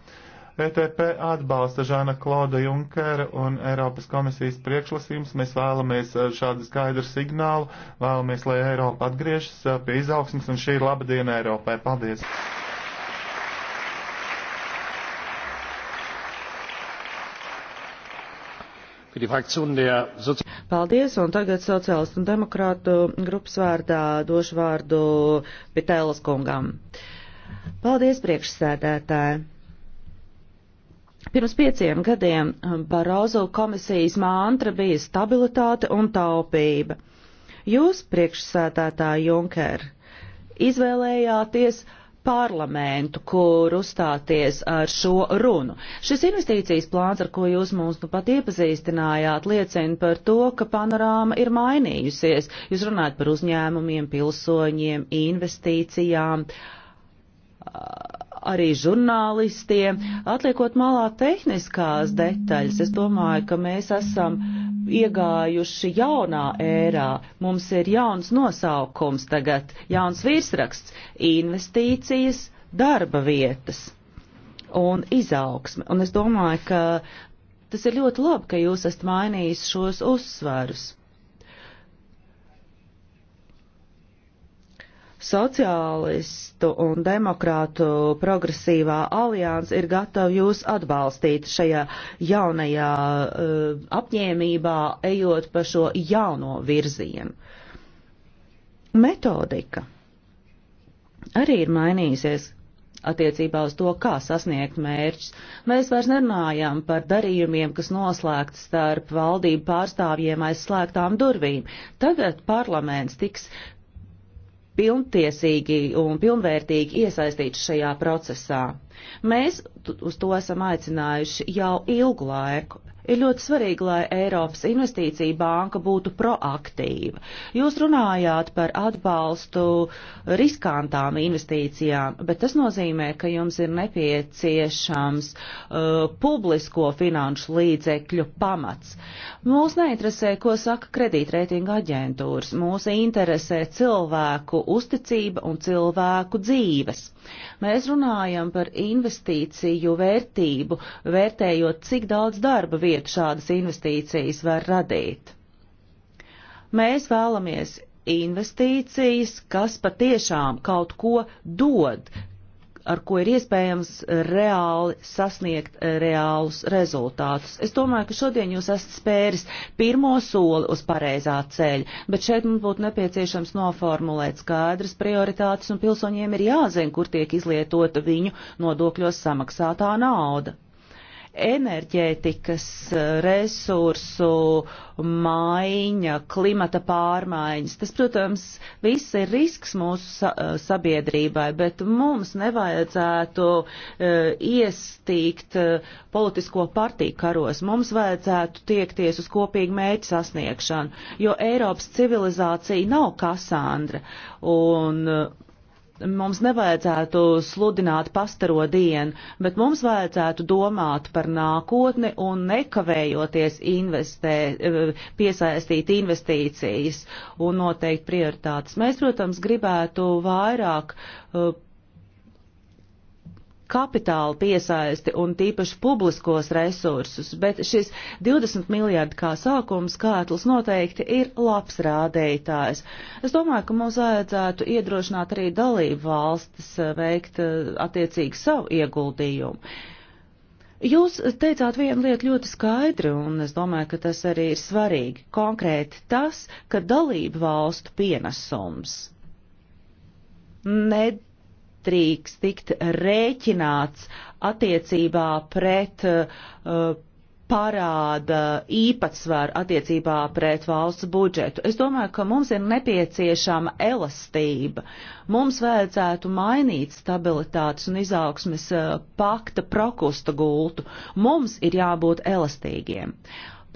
ETP atbalsta Žana Klauda Junkera un Eiropas komisijas priekšlasījums. Mēs vēlamies uh, šādu skaidru signālu, vēlamies, lai Eiropa atgriežas pie izaugsmas, un šī ir laba diena Eiropai. Paldies! Paldies, un tagad sociālistu un demokrātu grupas vārdā došu vārdu Pitēlas kungam. Paldies, priekšsēdētāji. Pirms pieciem gadiem Barozo komisijas mantra bija stabilitāte un taupība. Jūs, priekšsēdētāji Junker, izvēlējāties parlamentu, kur uzstāties ar šo runu. Šis investīcijas plāns, ar ko jūs mums nu pat iepazīstinājāt, liecina par to, ka panorāma ir mainījusies. Jūs runājat par uzņēmumiem, pilsoņiem, investīcijām. Uh, arī žurnālistiem, atliekot malā tehniskās detaļas. Es domāju, ka mēs esam iegājuši jaunā ērā. Mums ir jauns nosaukums tagad, jauns virsraksts - investīcijas, darba vietas un izaugsme. Un es domāju, ka tas ir ļoti labi, ka jūs esat mainījis šos uzsvarus. Sociālistu un demokrātu progresīvā alianse ir gatava jūs atbalstīt šajā jaunajā uh, apņēmībā, ejot pa šo jauno virzienu. Metodika arī ir mainījusies attiecībā uz to, kā sasniegt mērķus. Mēs vairs nerunājam par darījumiem, kas noslēgts starp valdību pārstāvjiem aiz slēgtām durvīm. Tagad parlaments tiks pilntiesīgi un pilnvērtīgi iesaistīti šajā procesā. Mēs uz to esam aicinājuši jau ilgu laiku Ir ļoti svarīgi, lai Eiropas investīcija banka būtu proaktīva. Jūs runājāt par atbalstu riskantām investīcijām, bet tas nozīmē, ka jums ir nepieciešams uh, publisko finanšu līdzekļu pamats. Mūs neinteresē, ko saka kredītreitinga aģentūras. Mūs interesē cilvēku uzticība un cilvēku dzīves. Mēs runājam par investīciju vērtību, vērtējot, cik daudz darba vietu šādas investīcijas var radīt. Mēs vēlamies investīcijas, kas patiešām kaut ko dod, ar ko ir iespējams reāli sasniegt eh, reālus rezultātus. Es domāju, ka šodien jūs esat spēris pirmo soli uz pareizā ceļa, bet šeit mums būtu nepieciešams noformulēt skaidras prioritātes un pilsoņiem ir jāzina, kur tiek izlietota viņu nodokļos samaksātā nauda enerģētikas eh, resursu maiņa, klimata pārmaiņas. Tas, protams, viss ir risks mūsu eh, sabiedrībai, bet mums nevajadzētu eh, iestīgt politisko partiju karos. Mums vajadzētu tiekties uz kopīgu mērķu sasniegšanu, jo Eiropas civilizācija nav Kasandra. Un, mums nevajadzētu sludināt pastaro dienu, bet mums vajadzētu domāt par nākotni un nekavējoties investē, piesaistīt investīcijas un noteikt prioritātes. Mēs, protams, gribētu vairāk uh, kapitāla piesaisti un tīpaši publiskos resursus, bet šis 20 miljardi kā sākums skaitlis noteikti ir labs rādītājs. Es domāju, ka mums vajadzētu iedrošināt arī dalību valstis eh, veikt eh, attiecīgi savu ieguldījumu. Jūs teicāt vienu lietu ļoti skaidri, un es domāju, ka tas arī ir svarīgi. Konkrēti tas, ka dalību valstu pienesums ned nedrīkst tikt rēķināts attiecībā pret uh, parāda īpatsvaru attiecībā pret valsts budžetu. Es domāju, ka mums ir nepieciešama elastība. Mums vajadzētu mainīt stabilitātes un izaugsmes uh, pakta prokusta gultu. Mums ir jābūt elastīgiem.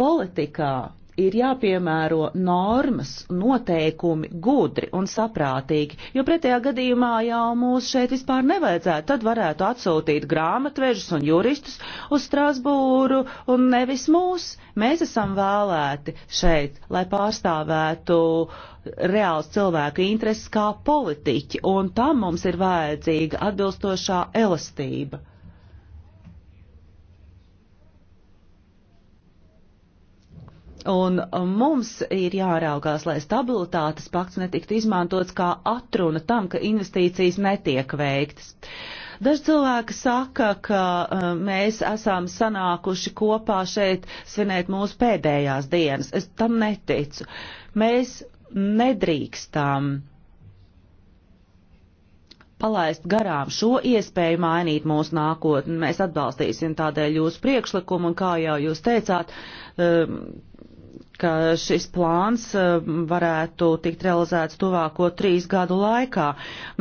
Politikā ir jāpiemēro normas, noteikumi gudri un saprātīgi, jo pretējā gadījumā jau mūs šeit vispār nevajadzētu. Tad varētu atsūtīt grāmatvežus un juristus uz Strasbūru un nevis mūs. Mēs esam vēlēti šeit, lai pārstāvētu reāls cilvēku intereses kā politiķi, un tam mums ir vajadzīga atbilstošā elastība. Un um, mums ir jāraugās, lai stabilitātes pakts netiktu izmantots kā atruna tam, ka investīcijas netiek veiktas. Daži cilvēki saka, ka um, mēs esam sanākuši kopā šeit svinēt mūsu pēdējās dienas. Es tam neticu. Mēs nedrīkstam palaist garām šo iespēju mainīt mūsu nākotni. Mēs atbalstīsim tādēļ jūsu priekšlikumu, un kā jau jūs teicāt, um, ka šis plāns uh, varētu tikt realizēts tuvāko trīs gadu laikā.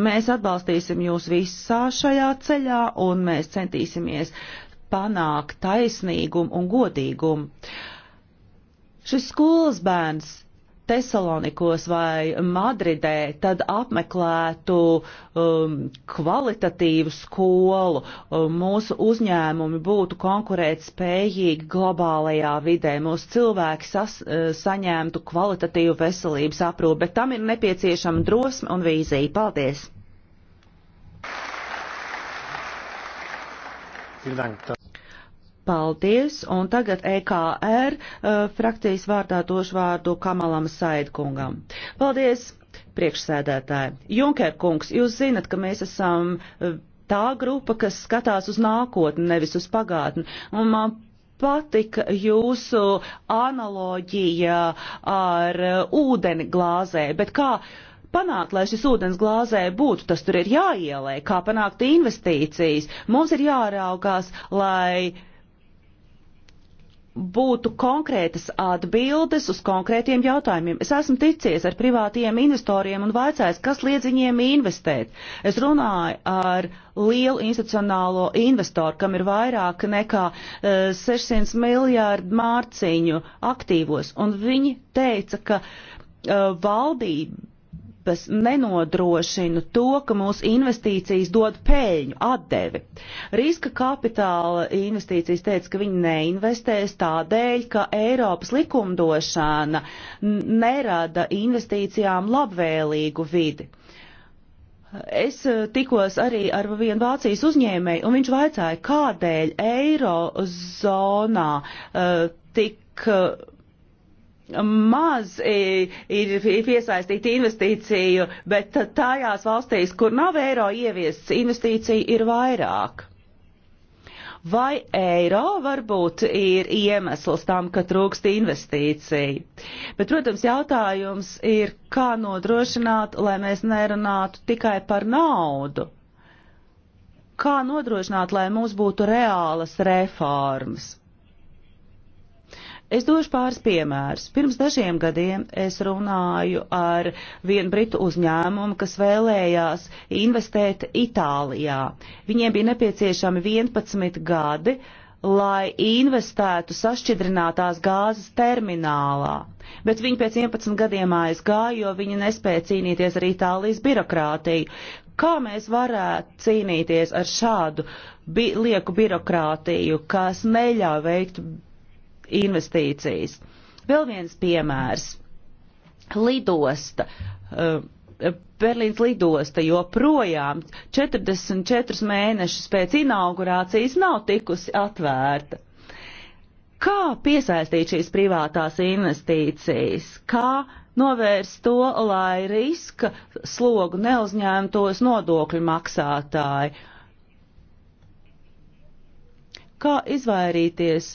Mēs atbalstīsim jūs visā šajā ceļā un mēs centīsimies panākt taisnīgumu un godīgumu. Šis skolas bērns Tesalonikos vai Madridē, tad apmeklētu um, kvalitatīvu skolu, um, mūsu uzņēmumi būtu konkurēt spējīgi globālajā vidē, mūsu cilvēki sas, uh, saņemtu kvalitatīvu veselības aprūpi, bet tam ir nepieciešama drosme un vīzija. Paldies! Vielen Dank. Paldies, un tagad EKR uh, frakcijas vārdā došu vārdu Kamalam Saidkungam. Paldies, priekšsēdētāji. Junker kungs, jūs zinat, ka mēs esam uh, tā grupa, kas skatās uz nākotni, nevis uz pagātni. Un man patika jūsu analoģija ar uh, ūdeni glāzē, bet kā panākt, lai šis ūdens glāzē būtu, tas tur ir jāielē, kā panākt investīcijas. Mums ir jāraugās, lai būtu konkrētas atbildes uz konkrētiem jautājumiem. Es esmu ticies ar privātiem investoriem un vaicājis, kas liedz viņiem investēt. Es runāju ar lielu institucionālo investoru, kam ir vairāk nekā uh, eh, 600 miljārdu mārciņu aktīvos, un viņi teica, ka uh, valdība grupas nenodrošina to, ka mūsu investīcijas dod peļņu, atdevi. Riska kapitāla investīcijas teica, ka viņi neinvestēs tādēļ, ka Eiropas likumdošana nerada investīcijām labvēlīgu vidi. Es eh, tikos arī ar vienu Vācijas uzņēmēju, un viņš vaicāja, kādēļ Eirozonā uh, tik uh, maz ir piesaistīta investīciju, bet tajās valstīs, kur nav eiro ieviests, investīciju ir vairāk. Vai eiro varbūt ir iemesls tam, ka trūkst investīciju? Bet, protams, jautājums ir, kā nodrošināt, lai mēs nerunātu tikai par naudu. Kā nodrošināt, lai mums būtu reālas reformas? Es došu pāris piemērus. Pirms dažiem gadiem es runāju ar vienu britu uzņēmumu, kas vēlējās investēt Itālijā. Viņiem bija nepieciešami 11 gadi, lai investētu sašķidrinātās gāzes terminālā, bet viņi pēc 11 gadiem aizgāja, jo viņi nespēja cīnīties ar Itālijas birokrātiju. Kā mēs varētu cīnīties ar šādu bi lieku birokrātiju, kas neļauj veikt investīcijas. Vēl viens piemērs - lidosta. Uh, Berlīnas lidosta joprojām 44 mēnešus pēc inaugurācijas nav tikusi atvērta. Kā piesaistīt šīs privātās investīcijas? Kā novērst to, lai riska slogu neuzņēmtos nodokļu maksātāji? Kā izvairīties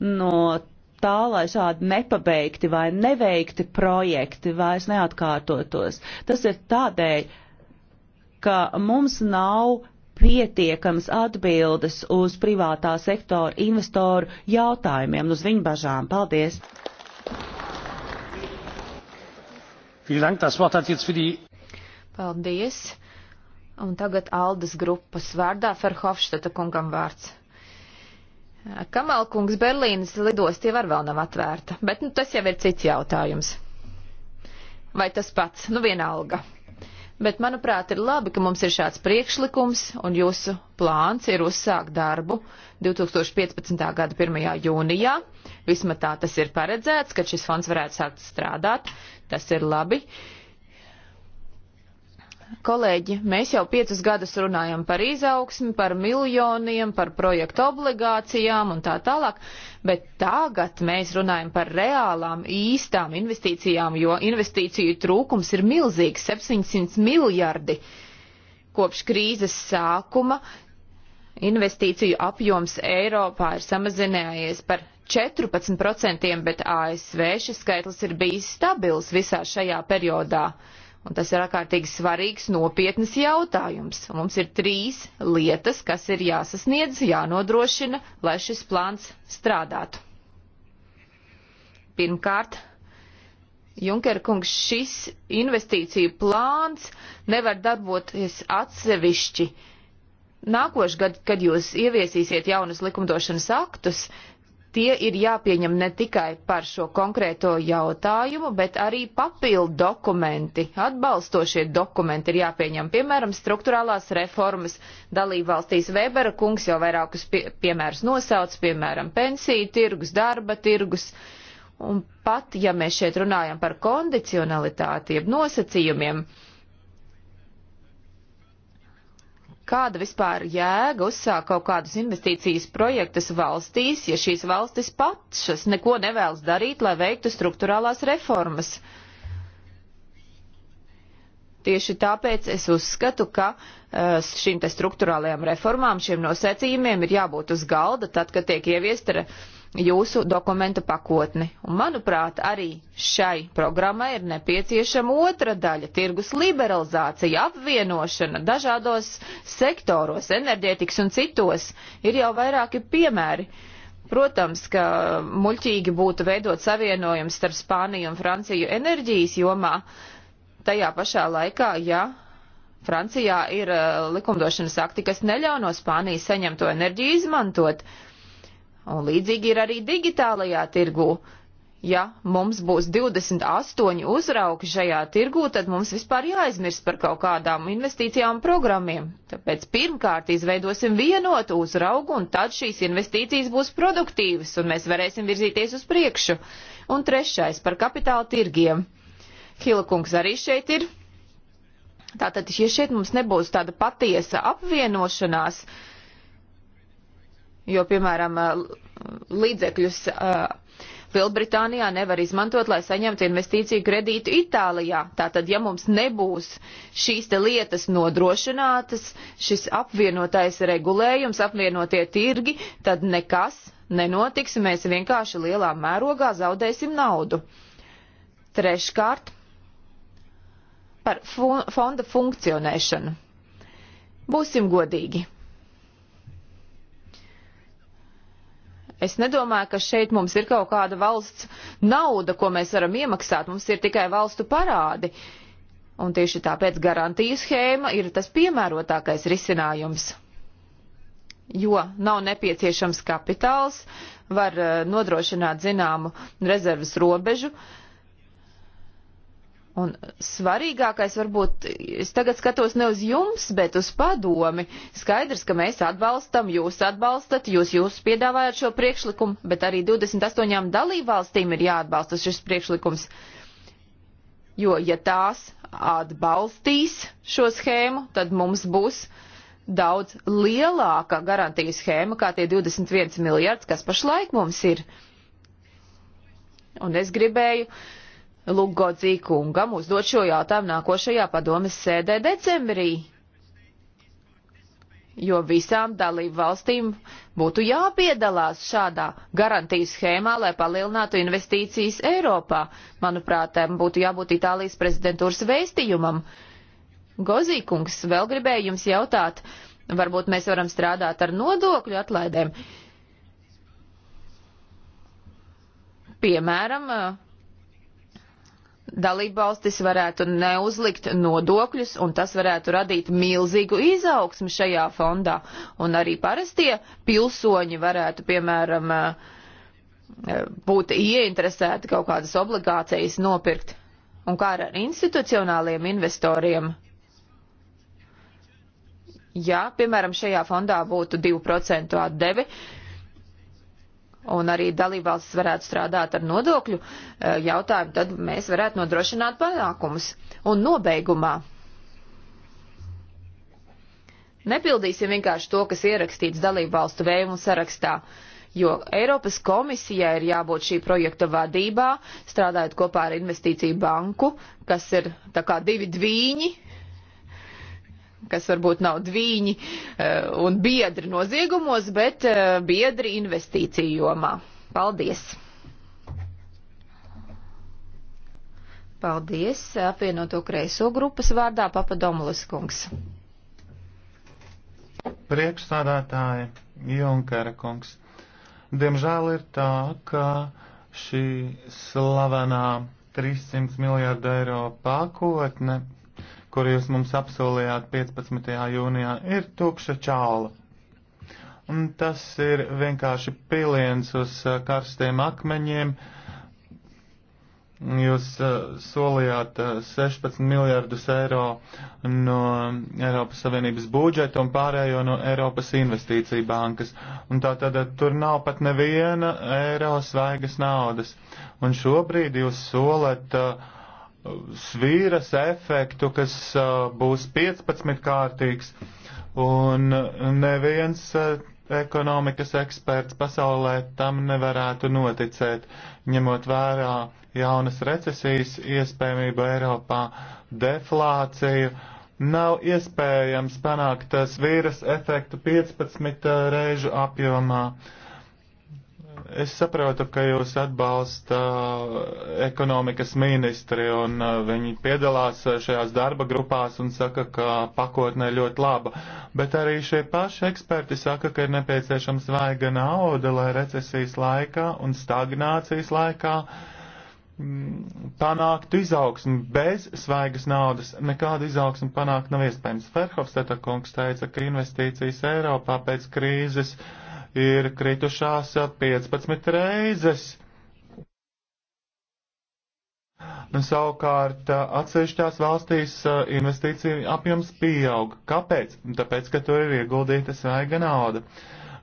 no tā, lai šādi nepabeigti vai neveikti projekti vairs neatkārtotos. Tas ir tādēļ, ka mums nav pietiekams atbildes uz privātā sektora investoru jautājumiem, uz viņu bažām. Paldies! Paldies! Un tagad Aldas grupas vārdā Ferhofštata kungam vārds. Kamalkungs Berlīnas lidosti jau vēl nav atvērta, bet nu, tas jau ir cits jautājums. Vai tas pats? Nu, vienalga. Bet, manuprāt, ir labi, ka mums ir šāds priekšlikums un jūsu plāns ir uzsākt darbu 2015. gada 1. jūnijā. Vismaz tā tas ir paredzēts, ka šis fonds varētu sākt strādāt. Tas ir labi. Uh, kolēģi, mēs jau piecus gadus runājam par izaugsmi, par miljoniem, par projektu obligācijām un tā tālāk, bet tagad mēs runājam par reālām, īstām investīcijām, jo investīciju trūkums ir milzīgs - 700 miljardi kopš krīzes sākuma. Investīciju apjoms Eiropā ir samazinājies par 14%, bet ASV šis skaitlis ir bijis stabils visā šajā periodā. Uh, Un tas ir ārkārtīgi svarīgs, nopietnas jautājums. Mums ir trīs lietas, kas ir jāsasniedz, jānodrošina, lai šis plāns strādātu. Pirmkārt, Junkera kungs, šis investīciju plāns nevar darboties atsevišķi. Nākošais gads, kad jūs ieviesīsiet jaunus likumdošanas aktus, tie ir jāpieņem ne tikai par šo konkrēto jautājumu, bet arī papildu dokumenti, atbalstošie dokumenti ir jāpieņem, piemēram, struktūrālās reformas dalībvalstīs. Vēbera kungs jau vairākus pie, piemērus nosauc, piemēram, pensiju tirgus, darba tirgus. Un pat, ja mēs šeit runājam par kondicionalitāti, jeb nosacījumiem, uh, Kāda vispār jēga uzsākt kaut kādus investīcijas projektus valstīs, ja šīs valstis pašas neko nevēlas darīt, lai veiktu struktūrālās reformas? Tieši tāpēc es uzskatu, ka eh, šīm te struktūrālajām reformām, šiem nosacījumiem ir jābūt uz galda tad, kad tiek ieviesta reforma jūsu dokumentu pakotni. Un, manuprāt, arī šai programmai ir nepieciešama otra daļa - tirgus liberalizācija, apvienošana dažādos sektoros, enerģētikas un citos. Ir jau vairāki piemēri. Protams, ka muļķīgi būtu veidot savienojumu starp Spāniju un Franciju enerģijas jomā. Tajā pašā laikā, ja Francijā ir eh, likumdošanas akti, kas neļauj no Spānijas saņemto enerģiju izmantot, uh, Un līdzīgi ir arī digitālajā tirgū. Ja mums būs 28 uzrauki šajā tirgū, tad mums vispār jāaizmirst par kaut kādām investīcijām un programmiem. Tāpēc pirmkārt izveidosim vienotu uzraugu, un tad šīs investīcijas būs produktīvas, un mēs varēsim virzīties uz priekšu. Un trešais par kapitāla tirgiem. Hilakungs arī šeit ir. Tātad, ja šeit mums nebūs tāda patiesa apvienošanās, uh, jo, piemēram, līdzekļus Lielbritānijā nevar izmantot, lai saņemtu investīciju kredītu Itālijā. Tātad, ja mums nebūs šīs te lietas nodrošinātas, šis apvienotais regulējums, apvienotie tirgi, tad nekas nenotiks, mēs vienkārši lielā mērogā zaudēsim naudu. Treškārt, par fonda funkcionēšanu. Būsim godīgi Es nedomāju, ka šeit mums ir kaut kāda valsts nauda, ko mēs varam iemaksāt. Mums ir tikai valstu parādi. Un tieši tāpēc garantiju schēma ir tas piemērotākais risinājums. Jo nav nepieciešams kapitāls, var eh, nodrošināt zināmu rezerves robežu, uh, Un svarīgākais varbūt, es tagad skatos ne uz jums, bet uz padomi. Skaidrs, ka mēs atbalstam, jūs atbalstat, jūs, jūs piedāvājat šo priekšlikumu, bet arī 28 dalībvalstīm ir jāatbalsta šis priekšlikums. Jo, ja tās atbalstīs šo schēmu, tad mums būs daudz lielāka garantija schēma, kā tie 21 miljards, kas pašlaik mums ir. Un es gribēju Lugodzi kungam uzdot šo jautājumu nākošajā padomes sēdē decembrī, jo visām dalību valstīm būtu jāpiedalās šādā garantijas schēmā, lai palielinātu investīcijas Eiropā. Manuprāt, tam būtu jābūt Itālijas prezidentūras vēstījumam. Gozīkungs, vēl gribēju jums jautāt, varbūt mēs varam strādāt ar nodokļu atlaidēm. Piemēram, dalībvalstis varētu neuzlikt nodokļus, un tas varētu radīt milzīgu izaugsmu šajā fondā. Un arī parastie pilsoņi varētu, piemēram, eh, būt ieinteresēti kaut kādas obligācijas nopirkt. Un kā ar institucionāliem investoriem? Ja, piemēram, šajā fondā būtu 2% atdevi, uh, un arī dalībvalstis varētu strādāt ar nodokļu eh, jautājumu, tad mēs varētu nodrošināt panākumus. Un nobeigumā. Nepildīsim vienkārši to, kas ierakstīts dalībvalstu vējumu sarakstā, jo Eiropas komisijai ir jābūt šī projekta vadībā, strādājot kopā ar investīciju banku, kas ir tā kā divi dvīņi, kas varbūt nav dviņi eh, un biedri noziegumos, bet eh, biedri investīciju jomā. Paldies! Paldies! Apvienoto kreiso grupas vārdā Papadomulis kungs. Priekšstādātāji Junkara kungs. Diemžēl ir tā, ka šī slavenā 300 miljārdu eiro pakotne kur jūs mums apsolījāt 15. jūnijā, ir tukša čāla. Un tas ir vienkārši piliens uz uh, karstiem akmeņiem. Jūs uh, solījāt 16 uh, miljardus eiro no Eiropas Savienības budžeta un pārējo no Eiropas investīcija bankas. Un tā tad tur nav pat neviena eiro svaigas naudas. Un šobrīd jūs solat uh, svīras efektu, kas būs 15 kārtīgs, un neviens ekonomikas eksperts pasaulē tam nevarētu noticēt, ņemot vērā jaunas recesijas iespējamību Eiropā, deflāciju. Nav iespējams panākt svīras efektu 15 reižu apjomā. Uh, Es saprotu, ka jūs atbalsta uh, ekonomikas ministri un uh, viņi piedalās uh, šajās darba grupās un saka, ka pakotne ir ļoti laba. Bet arī šie paši eksperti saka, ka ir nepieciešams vaiga nauda, lai recesijas laikā un stagnācijas laikā mm, panāktu izaugsmu. Bez svaigas naudas nekādu izaugsmu panākt nav iespējams. Ferhofsteta kungs teica, ka investīcijas Eiropā pēc krīzes uh, ir kritušās 15 reizes. Nu, savukārt, atsevišķās valstīs investīcija apjoms pieaug. Kāpēc? Nu, tāpēc, ka tur ir ieguldīta svaiga nauda.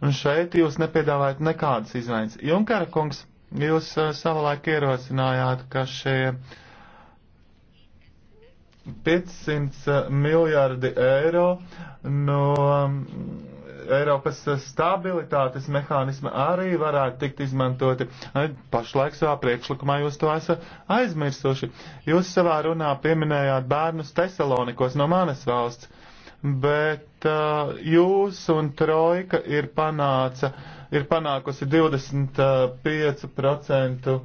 Un šeit jūs nepiedāvājat nekādas izmaiņas. Junkara kungs, jūs savulaik ierosinājāt, ka šie 500 miljardi eiro no. Eiropas stabilitātes mehānismi arī varētu tikt izmantoti. Pašlaik savā priekšlikumā jūs to esat aizmirsuši. Jūs savā runā pieminējāt bērnus Tesalonikos no manas valsts, bet uh, jūs un Trojka ir, panāca, ir panākusi 25% mm,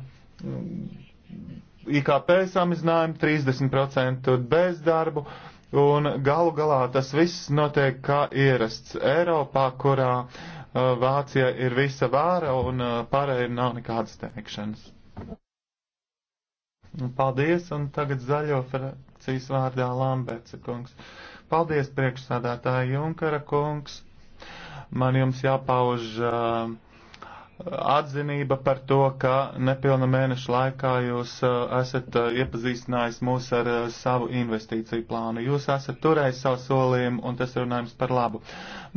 IKP samazinājumu, 30% bezdarbu. Uh, Un galu galā tas viss notiek kā ierasts Eiropā, kurā uh, Vācija ir visa vāra un uh, pārējai nav nekādas teikšanas. Nu, paldies, un tagad zaļo frakcijas vārdā Lamberts kungs. Paldies, priekšsādātāja Junkara kungs. Man jums jāpauž. Uh, atzinība par to, ka nepilna mēneša laikā jūs uh, esat uh, iepazīstinājis mūs ar uh, savu investīciju plānu. Jūs esat turējis savu solījumu un tas runājums par labu.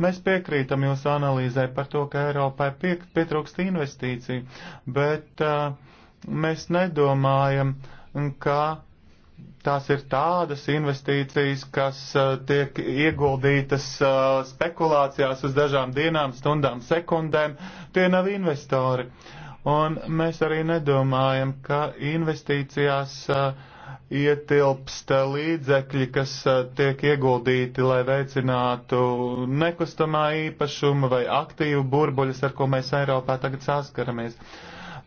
Mēs piekrītam jūsu analīzē par to, ka Eiropai pietrūkst investīciju, bet mēs nedomājam, ka tās ir tādas investīcijas, kas uh, tiek ieguldītas uh, spekulācijās uz dažām dienām, stundām, sekundēm. Tie nav investori. Un mēs arī nedomājam, ka investīcijās uh, ietilpst uh, līdzekļi, kas uh, tiek ieguldīti, lai veicinātu nekustamā īpašuma vai aktīvu burbuļus, ar ko mēs Eiropā tagad saskaramies.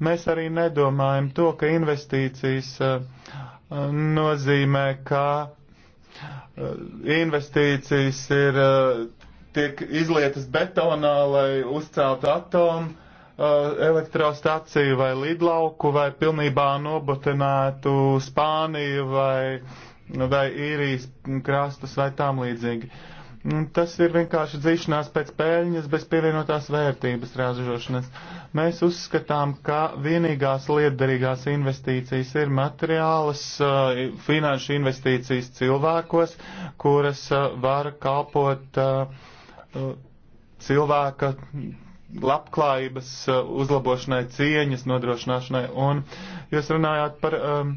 Mēs arī nedomājam to, ka investīcijas uh, nozīmē, ka eh, investīcijas ir eh, tiek izlietas betonā, lai uzceltu atomu eh, elektrostaciju vai lidlauku vai pilnībā nobotanētu Spāniju vai, vai īrijas krastus vai tam līdzīgi. Uh, Nu, tas ir vienkārši dzīšanās pēc pēļņas bez pievienotās vērtības ražošanas. Mēs uzskatām, ka vienīgās liederīgās investīcijas ir materiālas, eh, finanšu investīcijas cilvēkos, kuras eh, var kalpot eh, cilvēka labklājības eh, uzlabošanai, cieņas nodrošināšanai, un jūs runājāt par um,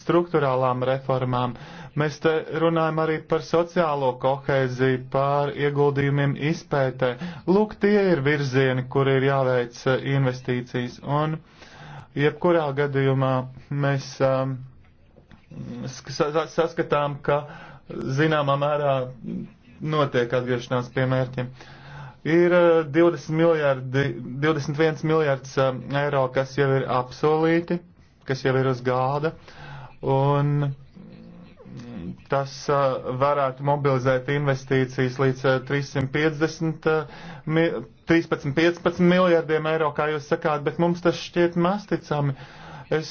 struktūrālām reformām. Mēs te runājam arī par sociālo kohēziju, par ieguldījumiem izpētē. Lūk, tie ir virzieni, kur ir jāveic eh, investīcijas, un jebkurā gadījumā mēs um, saskatām, ka zināmā mērā notiek atgriešanās pie mērķiem. Uh, Ir 20 eh, miljardi, 21 miljards eh, eiro, kas jau ir apsolīti, kas jau ir uz gāda, un tas eh, varētu mobilizēt investīcijas līdz 350, 13-15 miljardiem eiro, kā jūs sakāt, bet mums tas šķiet masticami. Es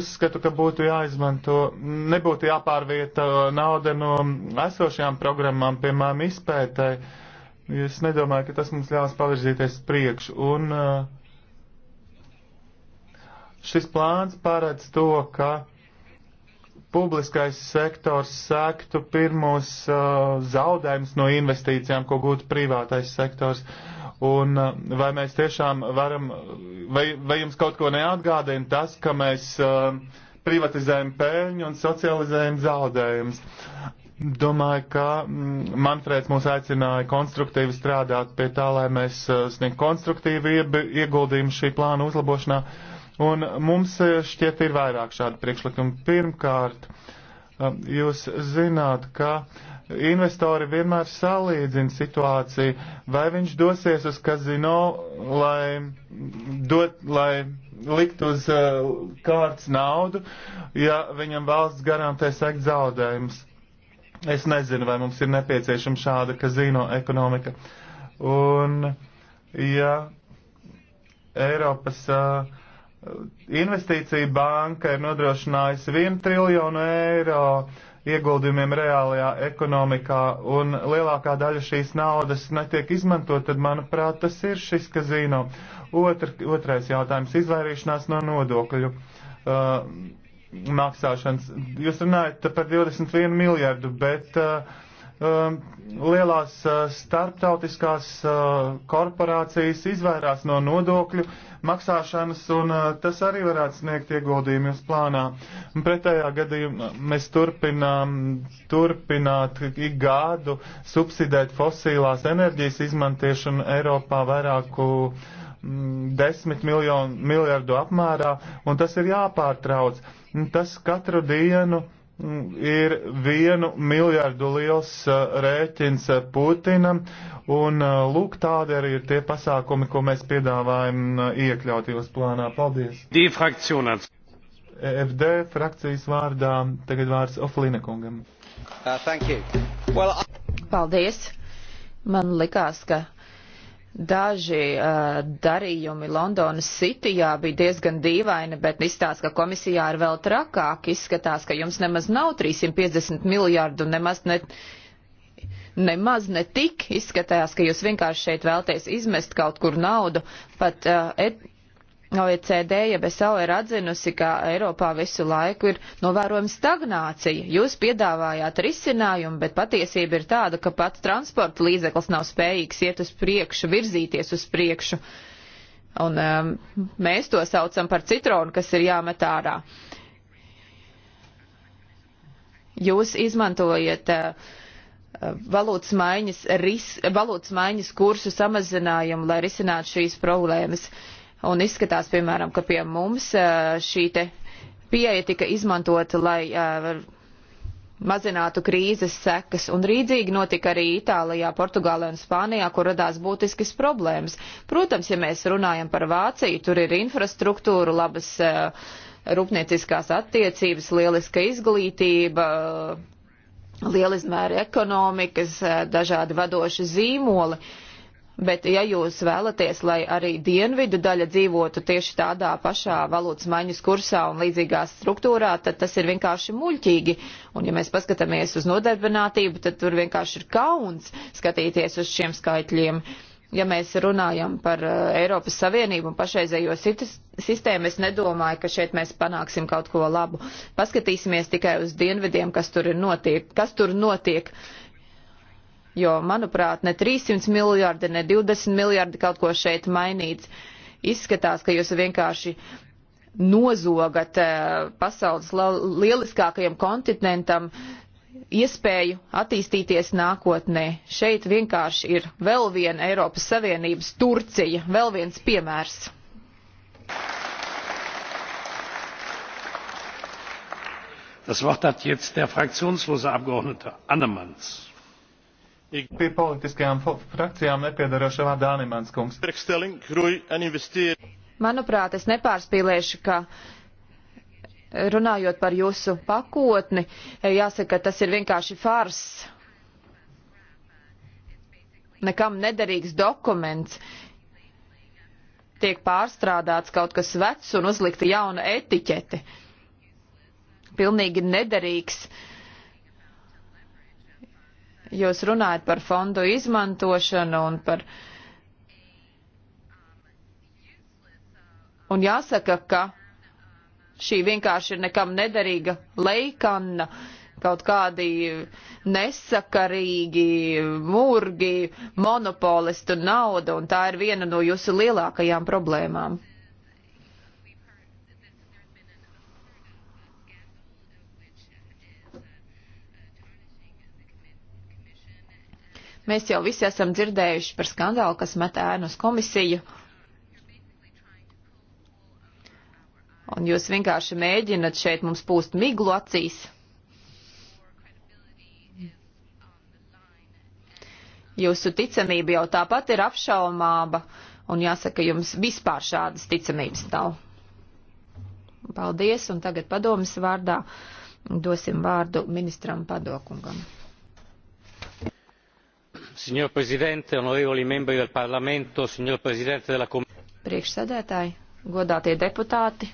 uzskatu, ka būtu jāizmanto, nebūtu jāpārvieta nauda no esošajām programmām, piemēram, izpētai Es nedomāju, ka tas mums ļaus pavirzīties priekš. Un uh, šis plāns paredz to, ka publiskais sektors sektu pirmos uh, zaudējumus no investīcijām, ko gūtu privātais sektors. Un uh, vai mēs tiešām varam, vai, vai jums kaut ko neatgādina tas, ka mēs privatizējam pēļņu un socializējam zaudējumus? Domāju, ka mm, Manfrēds mūs aicināja konstruktīvi strādāt pie tā, lai mēs e, sniegtu konstruktīvu ieguldījumu šī plāna uzlabošanā. Un mums e, šķiet ir vairāk šādu priekšlikumu. Pirmkārt, e, jūs zināt, ka investori vienmēr salīdzina situāciju, vai viņš dosies uz kazino, lai, dot, lai likt uz kārtas naudu, ja viņam valsts garantē sekt zaudējumus Es nezinu, vai mums ir nepieciešama šāda kazino ekonomika. Un, ja Eiropas uh, investīcija banka ir nodrošinājusi 1 triljonu eiro ieguldījumiem reālajā ekonomikā, un lielākā daļa šīs naudas netiek izmantot, tad, manuprāt, tas ir šis kazino. Otr, otrais jautājums - izvairīšanās no nodokļu. Uh, maksāšanas. Jūs runājat par 21 miljardu, bet uh, um, lielās uh, starptautiskās uh, korporācijas izvairās no nodokļu maksāšanas, un uh, tas arī varētu sniegt ieguldījumu jūs plānā. Un pretējā gadījumā mēs turpinām turpināt ik gadu subsidēt fosīlās enerģijas izmantiešanu Eiropā vairāku mm, desmit miljonu, miljardu apmērā, un tas ir jāpārtrauc. Uh, Tas katru dienu mm, ir vienu miljardu liels uh, rēķins uh, Putinam, un uh, lūk, tādi arī ir tie pasākumi, ko mēs piedāvājam iekļautības plānā. Paldies! FD e frakcijas vārdā tagad vārds Oflīna kungam. Uh, well, I... Paldies! Man likās, ka Daži uh, darījumi Londonas Citijā bija diezgan dīvaini, bet izstāsta, ka komisijā ir vēl trakāk. Izskatās, ka jums nemaz nav 350 miljārdu, nemaz ne, nemaz ne tik. Izskatās, ka jūs vienkārši šeit vēlties izmest kaut kur naudu. Pat uh, et, OECD, ja BSL ir atzinusi, ka Eiropā visu laiku ir novērojama stagnācija. Jūs piedāvājāt risinājumu, bet patiesība ir tāda, ka pats transporta līdzeklis nav spējīgs iet uz priekšu, virzīties uz priekšu. Un um, mēs to saucam par citronu, kas ir jāmet ārā. Jūs izmantojat uh, valūtas maiņas, ris, valūtas maiņas kursu samazinājumu, lai risinātu šīs problēmas. Uh, un izskatās, piemēram, ka pie mums šī te pieeja tika izmantota, lai mazinātu krīzes sekas, un rīdzīgi notika arī Itālijā, Portugālē un Spānijā, kur radās būtiskas problēmas. Protams, ja mēs runājam par Vāciju, tur ir infrastruktūra, labas rūpnieciskās attiecības, lieliska izglītība, lielizmēra ekonomikas, dažādi vadoši zīmoli. Uh, bet ja jūs vēlaties, lai arī dienvidu daļa dzīvotu tieši tādā pašā valūtas maiņas kursā un līdzīgā struktūrā, tad tas ir vienkārši muļķīgi. Un ja mēs paskatāmies uz nodarbinātību, tad tur vienkārši ir kauns skatīties uz šiem skaitļiem ja mēs runājam par eh, Eiropas Savienību un pašreizējo sistēmu, es nedomāju, ka šeit mēs panāksim kaut ko labu. Paskatīsimies tikai uz dienvidiem, kas tur, ir notiek, kas tur notiek jo, manuprāt, ne 300 miljardi, ne 20 miljardi kaut ko šeit mainīts. Izskatās, ka jūs vienkārši nozogat eh, pasaules lieliskākajam kontinentam iespēju attīstīties nākotnē. Šeit vienkārši ir vēl viena Eiropas Savienības Turcija, vēl viens piemērs. Das Wort hat jetzt der fraktionslose Abgeordnete Annemanns. Pie politiskajām frakcijām nepiedarošā vārdā Animants kungs. Manuprāt, es nepārspīlēšu, ka runājot par jūsu pakotni, jāsaka, ka tas ir vienkārši fars. Nekam nederīgs dokuments. Tiek pārstrādāts kaut kas vecs un uzlikta jauna etiķete. Pilnīgi nederīgs. Uh, Jūs runājat par fondu izmantošanu un par. Un jāsaka, ka šī vienkārši ir nekam nederīga leikanna, kaut kādi nesakarīgi murgi, monopolistu nauda, un tā ir viena no jūsu lielākajām problēmām. Mēs jau visi esam dzirdējuši par skandālu, kas met ēnu uz komisiju. Un jūs vienkārši mēģinat šeit mums pūst miglu acīs. Jūsu ticamība jau tāpat ir apšaumāba, un jāsaka, jums vispār šādas ticamības nav. Paldies, un tagad padomas vārdā dosim vārdu ministram padokungam signor presidente onorevoli membri del parlamento signor presidente della commissione priekšsēdētāji godātie deputāti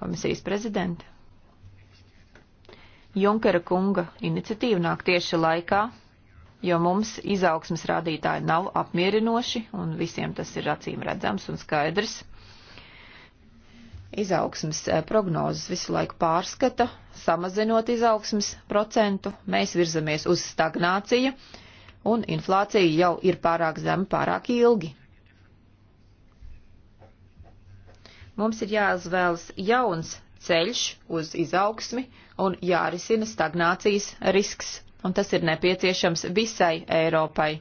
komisijas prezidente Junkera kunga iniciatīva nāk tieši laikā, jo mums izaugsmas rādītāji nav apmierinoši, un visiem tas ir acīm redzams un skaidrs izaugsmas eh, prognozes visu laiku pārskata, samazinot izaugsmas procentu, mēs virzamies uz stagnāciju, un inflācija jau ir pārāk zema pārāk ilgi. Mums ir jāizvēlas jauns ceļš uz izaugsmi un jārisina stagnācijas risks, un tas ir nepieciešams visai Eiropai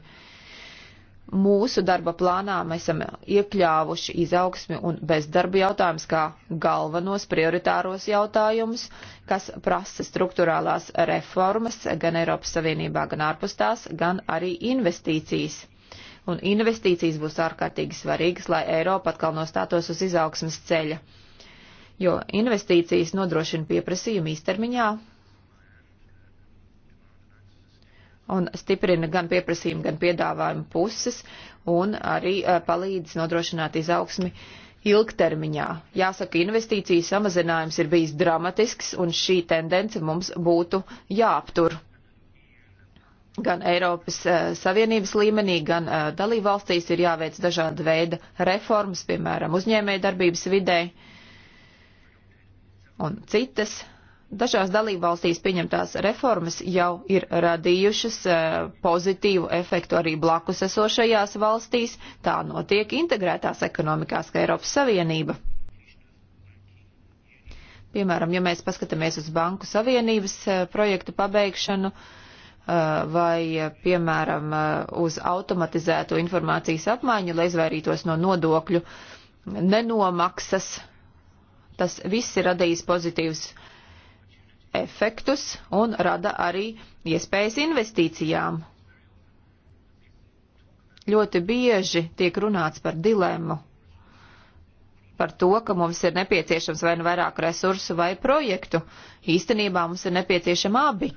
mūsu darba plānā mēs esam iekļāvuši izaugsmi un bezdarbu jautājumus kā galvenos prioritāros jautājumus, kas prasa struktūrālās reformas gan Eiropas Savienībā, gan ārpus tās, gan arī investīcijas. Un investīcijas būs ārkārtīgi svarīgas, lai Eiropa atkal nostātos uz izaugsmas ceļa, jo investīcijas nodrošina pieprasījumu īstermiņā un stiprina gan pieprasījumu, gan piedāvājumu puses un arī palīdz nodrošināt izaugsmi ilgtermiņā. Jāsaka, investīciju samazinājums ir bijis dramatisks un šī tendence mums būtu jāaptur gan Eiropas Savienības līmenī, gan dalībvalstīs ir jāveic dažāda veida reformas, piemēram, uzņēmējdarbības vidē un citas Dažās dalībvalstīs pieņemtās reformas jau ir radījušas eh, pozitīvu efektu arī blakus esošajās valstīs. Tā notiek integrētās ekonomikās, kā Eiropas Savienība. Piemēram, ja mēs paskatāmies uz Banku Savienības eh, projektu pabeigšanu eh, vai, piemēram, uz automatizēto informācijas apmaiņu, lai izvairītos no nodokļu nenomaksas, tas viss ir radījis pozitīvs efektus un rada arī iespējas investīcijām. Ļoti bieži tiek runāts par dilemmu, par to, ka mums ir nepieciešams vai nu vairāk resursu vai projektu. Īstenībā mums ir nepieciešama abi.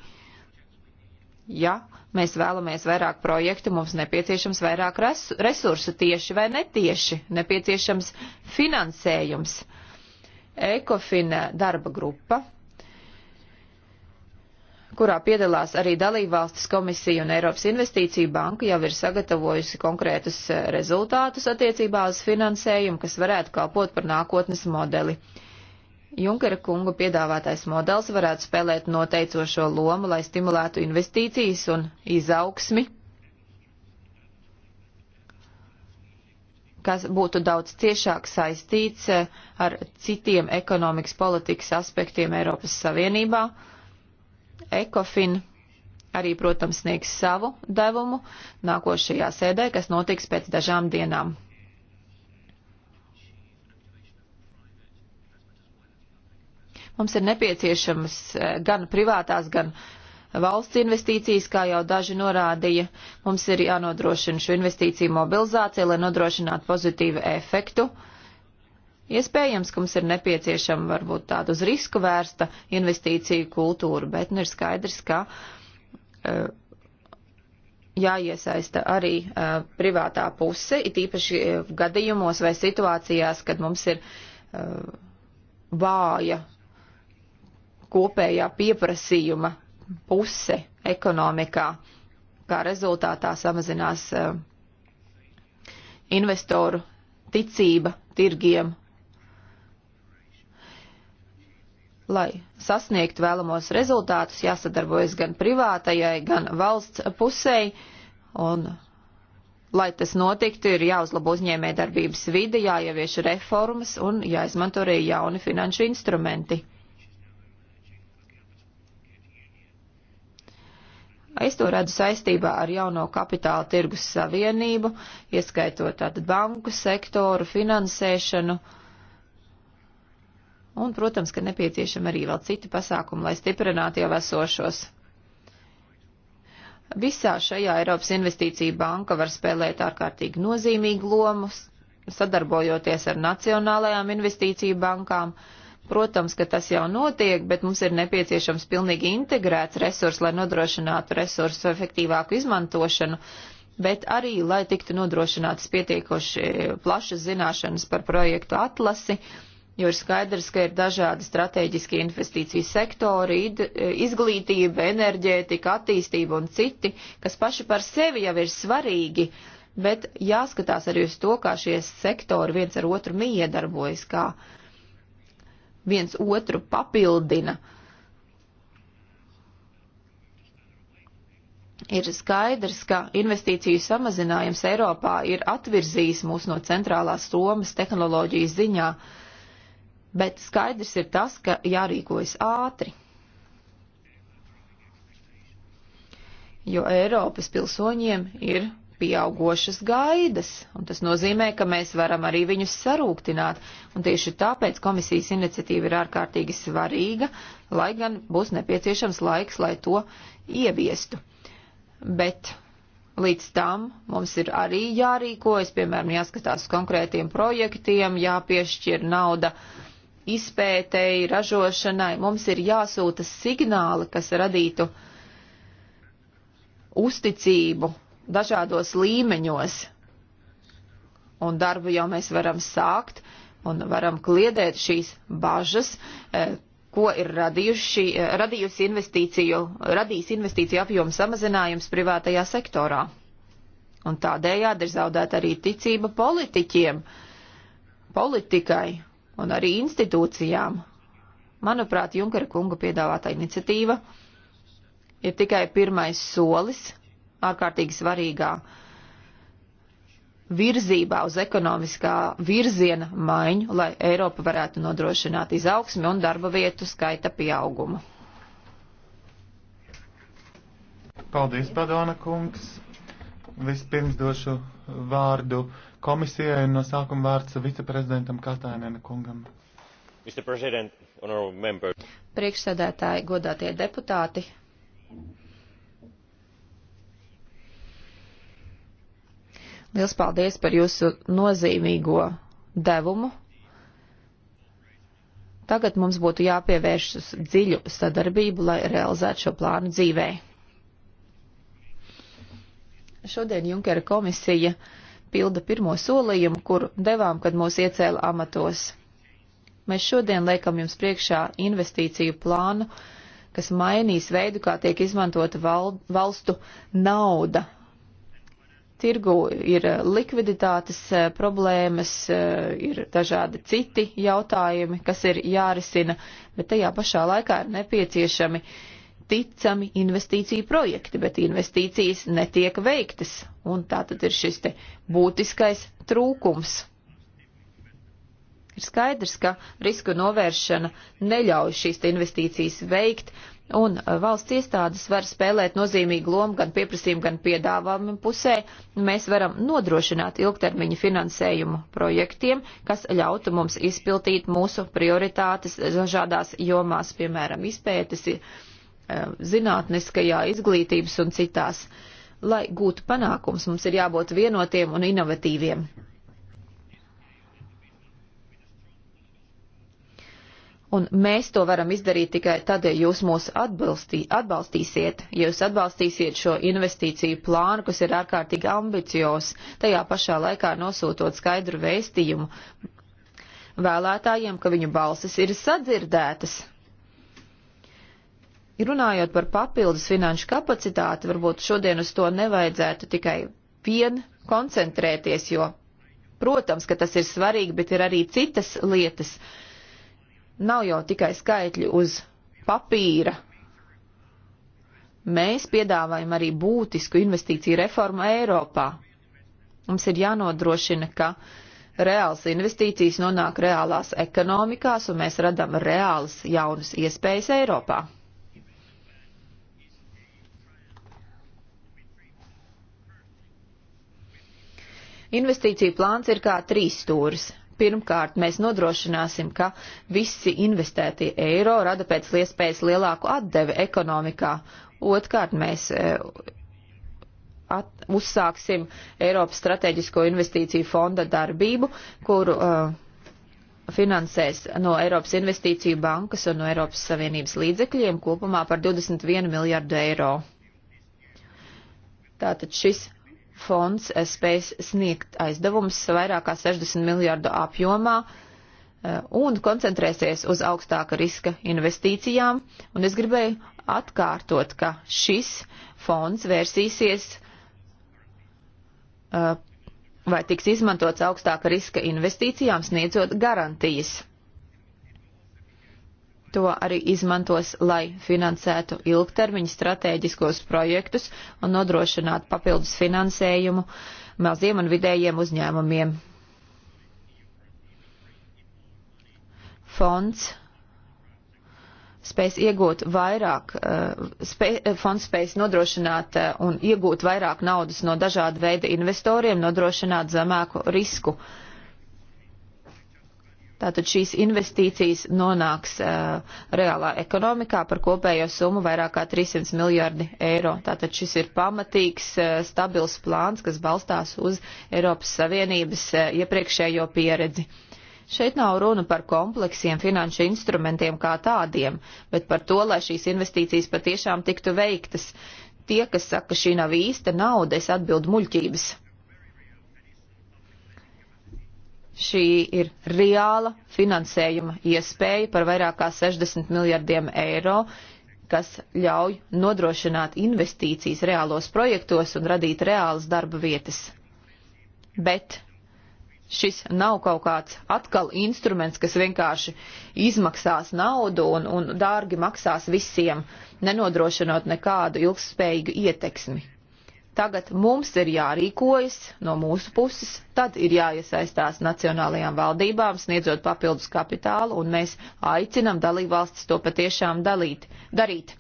Ja mēs vēlamies vairāk projektu, mums nepieciešams vairāk resursu tieši vai netieši, nepieciešams finansējums. Ekofina darba grupa kurā piedalās arī dalībvalstis komisija un Eiropas investīcija banka, jau ir sagatavojusi konkrētus eh, rezultātus attiecībā uz finansējumu, kas varētu kalpot par nākotnes modeli. Junkera kunga piedāvātais modelis varētu spēlēt noteicošo lomu, lai stimulētu investīcijas un izaugsmi, kas būtu daudz ciešāk saistīts eh, ar citiem ekonomikas politikas aspektiem Eiropas Savienībā ECOFIN arī, protams, sniegs savu devumu nākošajā sēdē, kas notiks pēc dažām dienām. Mums ir nepieciešamas eh, gan privātās, gan valsts investīcijas, kā jau daži norādīja. Mums ir jānodrošina šo investīciju mobilizācija, lai nodrošinātu pozitīvu efektu. Uh, Iespējams, ka mums ir nepieciešama varbūt tāda uz risku vērsta investīciju kultūra, bet nu ir skaidrs, ka uh, jāiesaista arī uh, privātā puse, it īpaši uh, gadījumos vai situācijās, kad mums ir vāja kopējā pieprasījuma puse ekonomikā, kā rezultātā samazinās investoru ticība tirgiem Lai sasniegtu vēlamos rezultātus, jāsadarbojas gan privātajai, gan valsts pusei, un, lai tas notiktu, ir jāuzlabo uzņēmē darbības vide, jāievieš reformas un jāizmanto arī jauni finanšu instrumenti. Es to redzu saistībā ar jauno kapitāla tirgus savienību, ieskaitot tātad banku sektoru, finansēšanu. Uh, Un, protams, ka nepieciešami arī vēl citi pasākumi, lai stiprinātu jau esošos. Visā šajā Eiropas investīcija banka var spēlēt ārkārtīgi nozīmīgu lomu, sadarbojoties ar nacionālajām investīciju bankām. Protams, ka tas jau notiek, bet mums ir nepieciešams pilnīgi integrēts resurs, lai nodrošinātu resursu efektīvāku izmantošanu, bet arī, lai tiktu nodrošinātas pietiekoši plašas zināšanas par projektu atlasi, uh, jo ir skaidrs, ka ir dažādi strateģiski investīciju sektori, izglītība, enerģētika, attīstība un citi, kas paši par sevi jau ir svarīgi, bet jāskatās arī uz to, kā šie sektori viens ar otru miedarbojas, kā viens otru papildina. Ir skaidrs, ka investīciju samazinājums Eiropā ir atvirzījis mūs no centrālās Romas tehnoloģijas ziņā, uh, bet skaidrs ir tas, ka jārīkojas ātri. Jo Eiropas pilsoņiem ir pieaugošas gaidas, un tas nozīmē, ka mēs varam arī viņus sarūktināt, un tieši tāpēc komisijas iniciatīva ir ārkārtīgi svarīga, lai gan būs nepieciešams laiks, lai to ieviestu. Bet Līdz tam mums ir arī jārīkojas, piemēram, jāskatās konkrētiem projektiem, jāpiešķir nauda izpētēji, ražošanai. Mums ir jāsūta signāli, kas radītu uzticību dažādos līmeņos. Un darbu jau mēs varam sākt un varam kliedēt šīs bažas, e, ko ir radījuši, e, radījusi investīciju, radījis investīciju apjomu samazinājums privātajā sektorā. Un tādējādi ir zaudēta arī ticība politiķiem, politikai un arī institūcijām. Manuprāt, Junkara kunga piedāvātā iniciatīva ir tikai pirmais solis ārkārtīgi svarīgā virzībā uz ekonomiskā virziena maiņu, lai Eiropa varētu nodrošināt izaugsmi un darba vietu skaita pieaugumu. Paldies, Padona kungs! Vispirms došu vārdu komisijai un no sākuma vārds viceprezidentam Katainēna kungam. Priekšsēdētāji, godātie deputāti. Liels paldies par jūsu nozīmīgo devumu. Tagad mums būtu jāpievēršas dziļu sadarbību, lai realizētu šo plānu dzīvēi. Šodien Junkera komisija pilda pirmo solījumu, kur devām, kad mūs iecēla amatos. Mēs šodien liekam jums priekšā investīciju plānu, kas mainīs veidu, kā tiek izmantota val valstu nauda. Tirgu ir likviditātes eh, problēmas, eh, ir dažādi citi jautājumi, kas ir jārisina, bet tajā pašā laikā ir nepieciešami uh, ticami investīciju projekti, bet investīcijas netiek veiktas. Un tā tad ir šis te būtiskais trūkums. Ir skaidrs, ka risku novēršana neļauj šīs investīcijas veikt, un uh, valsts iestādes var spēlēt nozīmīgu lomu gan pieprasījumu, gan piedāvājumu pusē. Mēs varam nodrošināt ilgtermiņa finansējumu projektiem, kas ļautu mums izpildīt mūsu prioritātes dažādās jomās, piemēram, izpētes Eh, zinātniskajā, izglītības un citās. Lai gūtu panākums, mums ir jābūt vienotiem un inovatīviem. Un mēs to varam izdarīt tikai tad, ja jūs mūs atbalstī, atbalstīsiet, ja jūs atbalstīsiet šo investīciju plānu, kas ir ārkārtīgi ambicios, tajā pašā laikā nosūtot skaidru vēstījumu vēlētājiem, ka viņu balsis ir sadzirdētas. Runājot par papildus finanšu kapacitāti, varbūt šodien uz to nevajadzētu tikai vien koncentrēties, jo, protams, ka tas ir svarīgi, bet ir arī citas lietas. Nav jau tikai skaitļi uz papīra. Mēs piedāvājam arī būtisku investīciju reformu Eiropā. Mums ir jānodrošina, ka reāls investīcijas nonāk reālās ekonomikās un mēs radam reālas jaunas iespējas Eiropā. Investīciju plāns ir kā trīs stūris. Pirmkārt, mēs nodrošināsim, ka visi investētie eiro rada pēc iespējas lielāku atdevi ekonomikā. Otkārt, mēs eh, at, uzsāksim Eiropas strateģisko investīciju fonda darbību, kuru uh, finansēs no Eiropas investīciju bankas un no Eiropas Savienības līdzekļiem kopumā par 21 miljardu eiro. Tātad šis fonds spējas sniegt aizdevumus vairāk kā 60 miljārdu apjomā eh, un koncentrēsies uz augstāka riska investīcijām. Un es gribēju atkārtot, ka šis fonds vērsīsies eh, vai tiks izmantots augstāka riska investīcijām, sniedzot garantijas to arī izmantos, lai finansētu ilgtermiņa stratēģiskos projektus un nodrošinātu papildus finansējumu maziem un vidējiem uzņēmumiem. Fonds spēs iegūt vairāk, eh, spē, eh, fonds spēs nodrošināt eh, un iegūt vairāk naudas no dažāda veida investoriem, nodrošināt zemāku risku. Uh, Tātad šīs investīcijas nonāks uh, reālā ekonomikā par kopējo summu vairāk kā 300 miljardi eiro. Tātad šis ir pamatīgs, uh, stabils plāns, kas balstās uz Eiropas Savienības uh, iepriekšējo pieredzi. Šeit nav runa par kompleksiem finanšu instrumentiem kā tādiem, bet par to, lai šīs investīcijas patiešām tiktu veiktas. Tie, kas saka, ka šī nav īsta nauda, es atbildu muļķības Šī ir reāla finansējuma iespēja par vairāk kā 60 miljardiem eiro, kas ļauj nodrošināt investīcijas reālos projektos un radīt reālas darba vietas. Bet šis nav kaut kāds atkal instruments, kas vienkārši izmaksās naudu un, un dārgi maksās visiem, nenodrošinot nekādu ilgspējīgu ieteksmi. Tagad mums ir jārīkojas no mūsu puses, tad ir jāiesaistās nacionālajām valdībām, sniedzot papildus kapitālu, un mēs aicinam dalībvalstis to patiešām dalīt, darīt.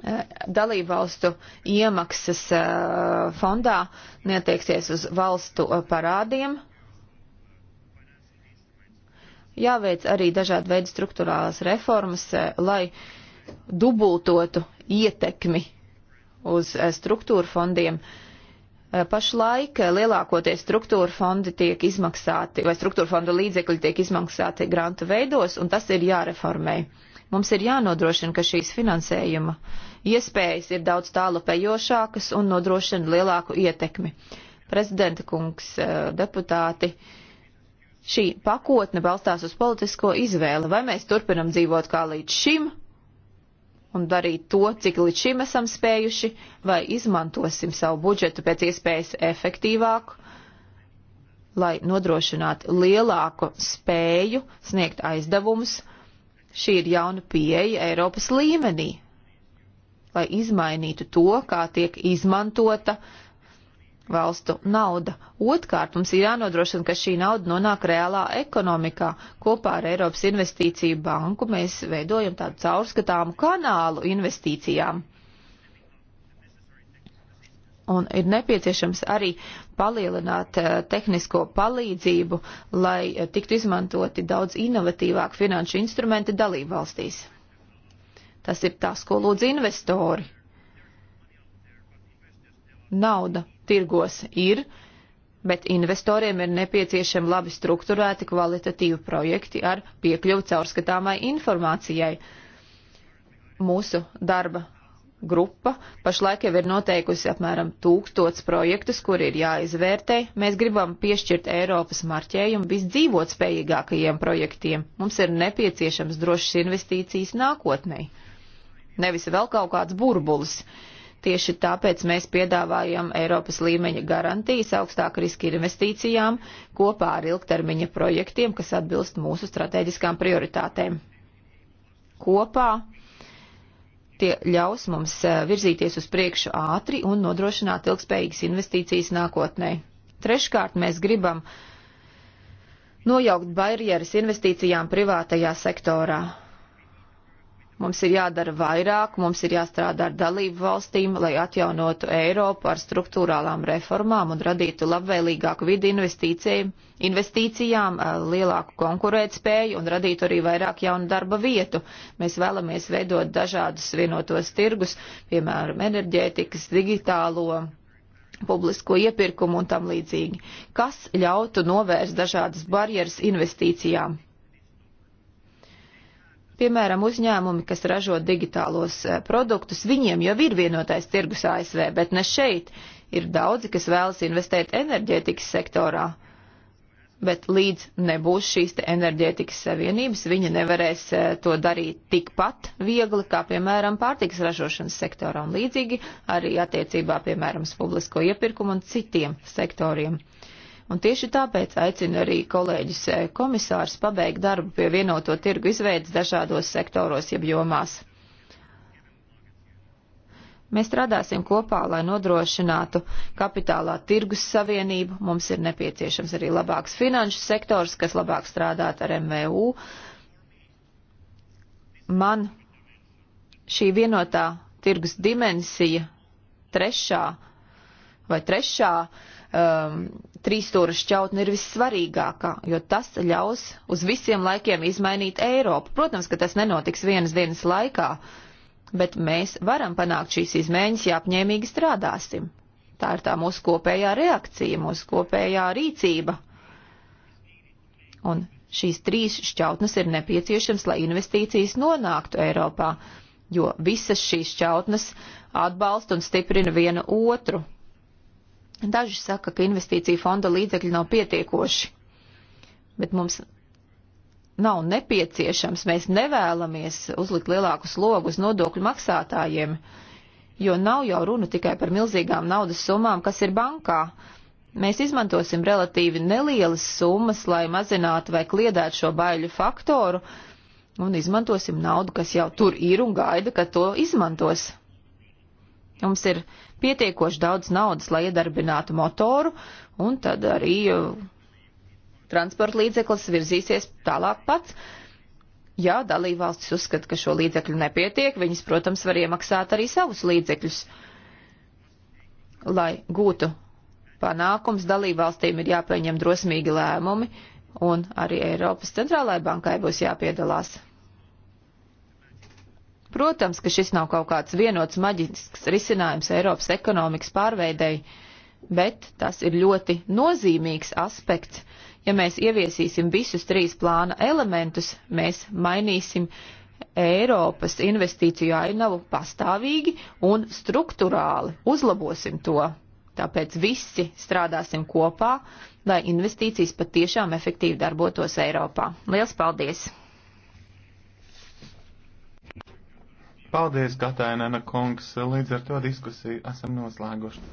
Eh, dalībvalstu iemaksas eh, fondā netieksies uz valstu eh, parādiem, jāveic arī dažādi veidi struktūrālās reformas, lai uh, dubultotu ietekmi uz eh, struktūra fondiem. Eh, pašlaik eh, lielākoties struktūra fondi tiek izmaksāti, vai struktūra fondu līdzekļi tiek izmaksāti grantu veidos, un tas ir jāreformē. Mums ir jānodrošina, ka šīs finansējuma iespējas ir daudz tālapējošākas un nodrošina lielāku ietekmi. Prezidenta kungs, deputāti, šī pakotne balstās uz politisko izvēli, vai mēs turpinam dzīvot kā līdz šim, un darīt to, cik līdz šim esam spējuši, vai izmantosim savu budžetu pēc iespējas efektīvāku, lai nodrošinātu lielāku spēju sniegt aizdevumus. Šī ir jauna pieeja Eiropas līmenī, lai izmainītu to, kā tiek izmantota uh, valstu nauda. Otkārt, mums ir jānodrošina, ka šī nauda nonāk reālā ekonomikā. Kopā ar Eiropas investīciju banku mēs veidojam tādu caurskatāmu kanālu investīcijām. Un ir nepieciešams arī palielināt eh, tehnisko palīdzību, lai eh, tiktu izmantoti daudz inovatīvāk finanšu instrumenti dalībvalstīs. Tas ir tas, ko lūdz investori. Nauda tirgos ir, bet investoriem ir nepieciešami labi strukturēti kvalitatīvi projekti ar piekļuvu caurskatāmai informācijai. Mūsu darba grupa pašlaik jau ir noteikusi apmēram tūkstots projektus, kuri ir jāizvērtē. Mēs gribam piešķirt Eiropas marķējumu visdzīvotspējīgākajiem projektiem. Mums ir nepieciešams drošas investīcijas nākotnē. Nevis vēl kaut kāds burbulis. Uh, Tieši tāpēc mēs piedāvājam Eiropas līmeņa garantijas augstāku risku investīcijām kopā ar ilgtermiņa projektiem, kas atbilst mūsu strateģiskām prioritātēm. Kopā tie ļaus mums eh, virzīties uz priekšu ātri un nodrošināt ilgspējīgas investīcijas nākotnē. Treškārt, mēs gribam nojaukt barjeras investīcijām privātajā sektorā. Mums ir jādara vairāk, mums ir jāstrādā ar dalību valstīm, lai atjaunotu Eiropu ar struktūrālām reformām un radītu labvēlīgāku vidi investīcijām, eh, lielāku konkurētspēju un radītu arī vairāk jaunu darba vietu. Mēs vēlamies veidot dažādus vienotos tirgus, piemēram, enerģētikas, digitālo publisko iepirkumu un tam līdzīgi, kas ļautu novērst dažādas barjeras investīcijām. Piemēram, uzņēmumi, kas ražo digitālos eh, produktus, viņiem jau ir vienotais tirgus ASV, bet ne šeit. Ir daudzi, kas vēlas investēt enerģētikas sektorā, bet līdz nebūs šīs enerģētikas savienības, viņi nevarēs eh, to darīt tikpat viegli, kā, piemēram, pārtiks ražošanas sektorā un līdzīgi arī attiecībā, piemēram, uz publisko iepirkumu un citiem sektoriem. Un tieši tāpēc aicinu arī kolēģis eh, komisārs pabeigt darbu pie vienoto tirgu izveidas dažādos sektoros jeb jomās. Mēs strādāsim kopā, lai nodrošinātu kapitālā tirgus savienību. Mums ir nepieciešams arī labāks finanšu sektors, kas labāk strādāt ar MVU. Man šī vienotā tirgus dimensija trešā vai trešā uh, um, trīsstūra šķautne ir vissvarīgākā, jo tas ļaus uz visiem laikiem izmainīt Eiropu. Protams, ka tas nenotiks vienas dienas laikā, bet mēs varam panākt šīs izmaiņas, ja apņēmīgi strādāsim. Tā ir tā mūsu kopējā reakcija, mūsu kopējā rīcība. Un šīs trīs šķautnes ir nepieciešams, lai investīcijas nonāktu Eiropā, jo visas šīs šķautnes atbalsta un stiprina viena otru. Daži saka, ka investīcija fonda līdzekļi nav pietiekoši, bet mums nav nepieciešams, mēs nevēlamies uzlikt lielāku slogu uz nodokļu maksātājiem, jo nav jau runa tikai par milzīgām naudas summām, kas ir bankā. Mēs izmantosim relatīvi nelielas summas, lai mazinātu vai kliedētu šo baiļu faktoru, un izmantosim naudu, kas jau tur ir un gaida, ka to izmantos. Mums ir pietiekoši daudz naudas, lai iedarbinātu motoru, un tad arī uh, transporta līdzeklis virzīsies tālāk pats. Ja dalībvalstis uzskata, ka šo līdzekļu nepietiek, viņas, protams, var iemaksāt arī savus līdzekļus. Lai gūtu panākums, dalībvalstīm ir jāpieņem drosmīgi lēmumi, un arī Eiropas centrālajai bankai būs jāpiedalās. Protams, ka šis nav kaut kāds vienots maģisks risinājums Eiropas ekonomikas pārveidei, bet tas ir ļoti nozīmīgs aspekts. Ja mēs ieviesīsim visus trīs plāna elementus, mēs mainīsim Eiropas investīciju ainavu pastāvīgi un struktūrāli uzlabosim to. Tāpēc visi strādāsim kopā, lai investīcijas patiešām efektīvi darbotos Eiropā. Lielas paldies! Paldies, Katēnena kungs. Līdz ar to diskusiju esam noslēguši.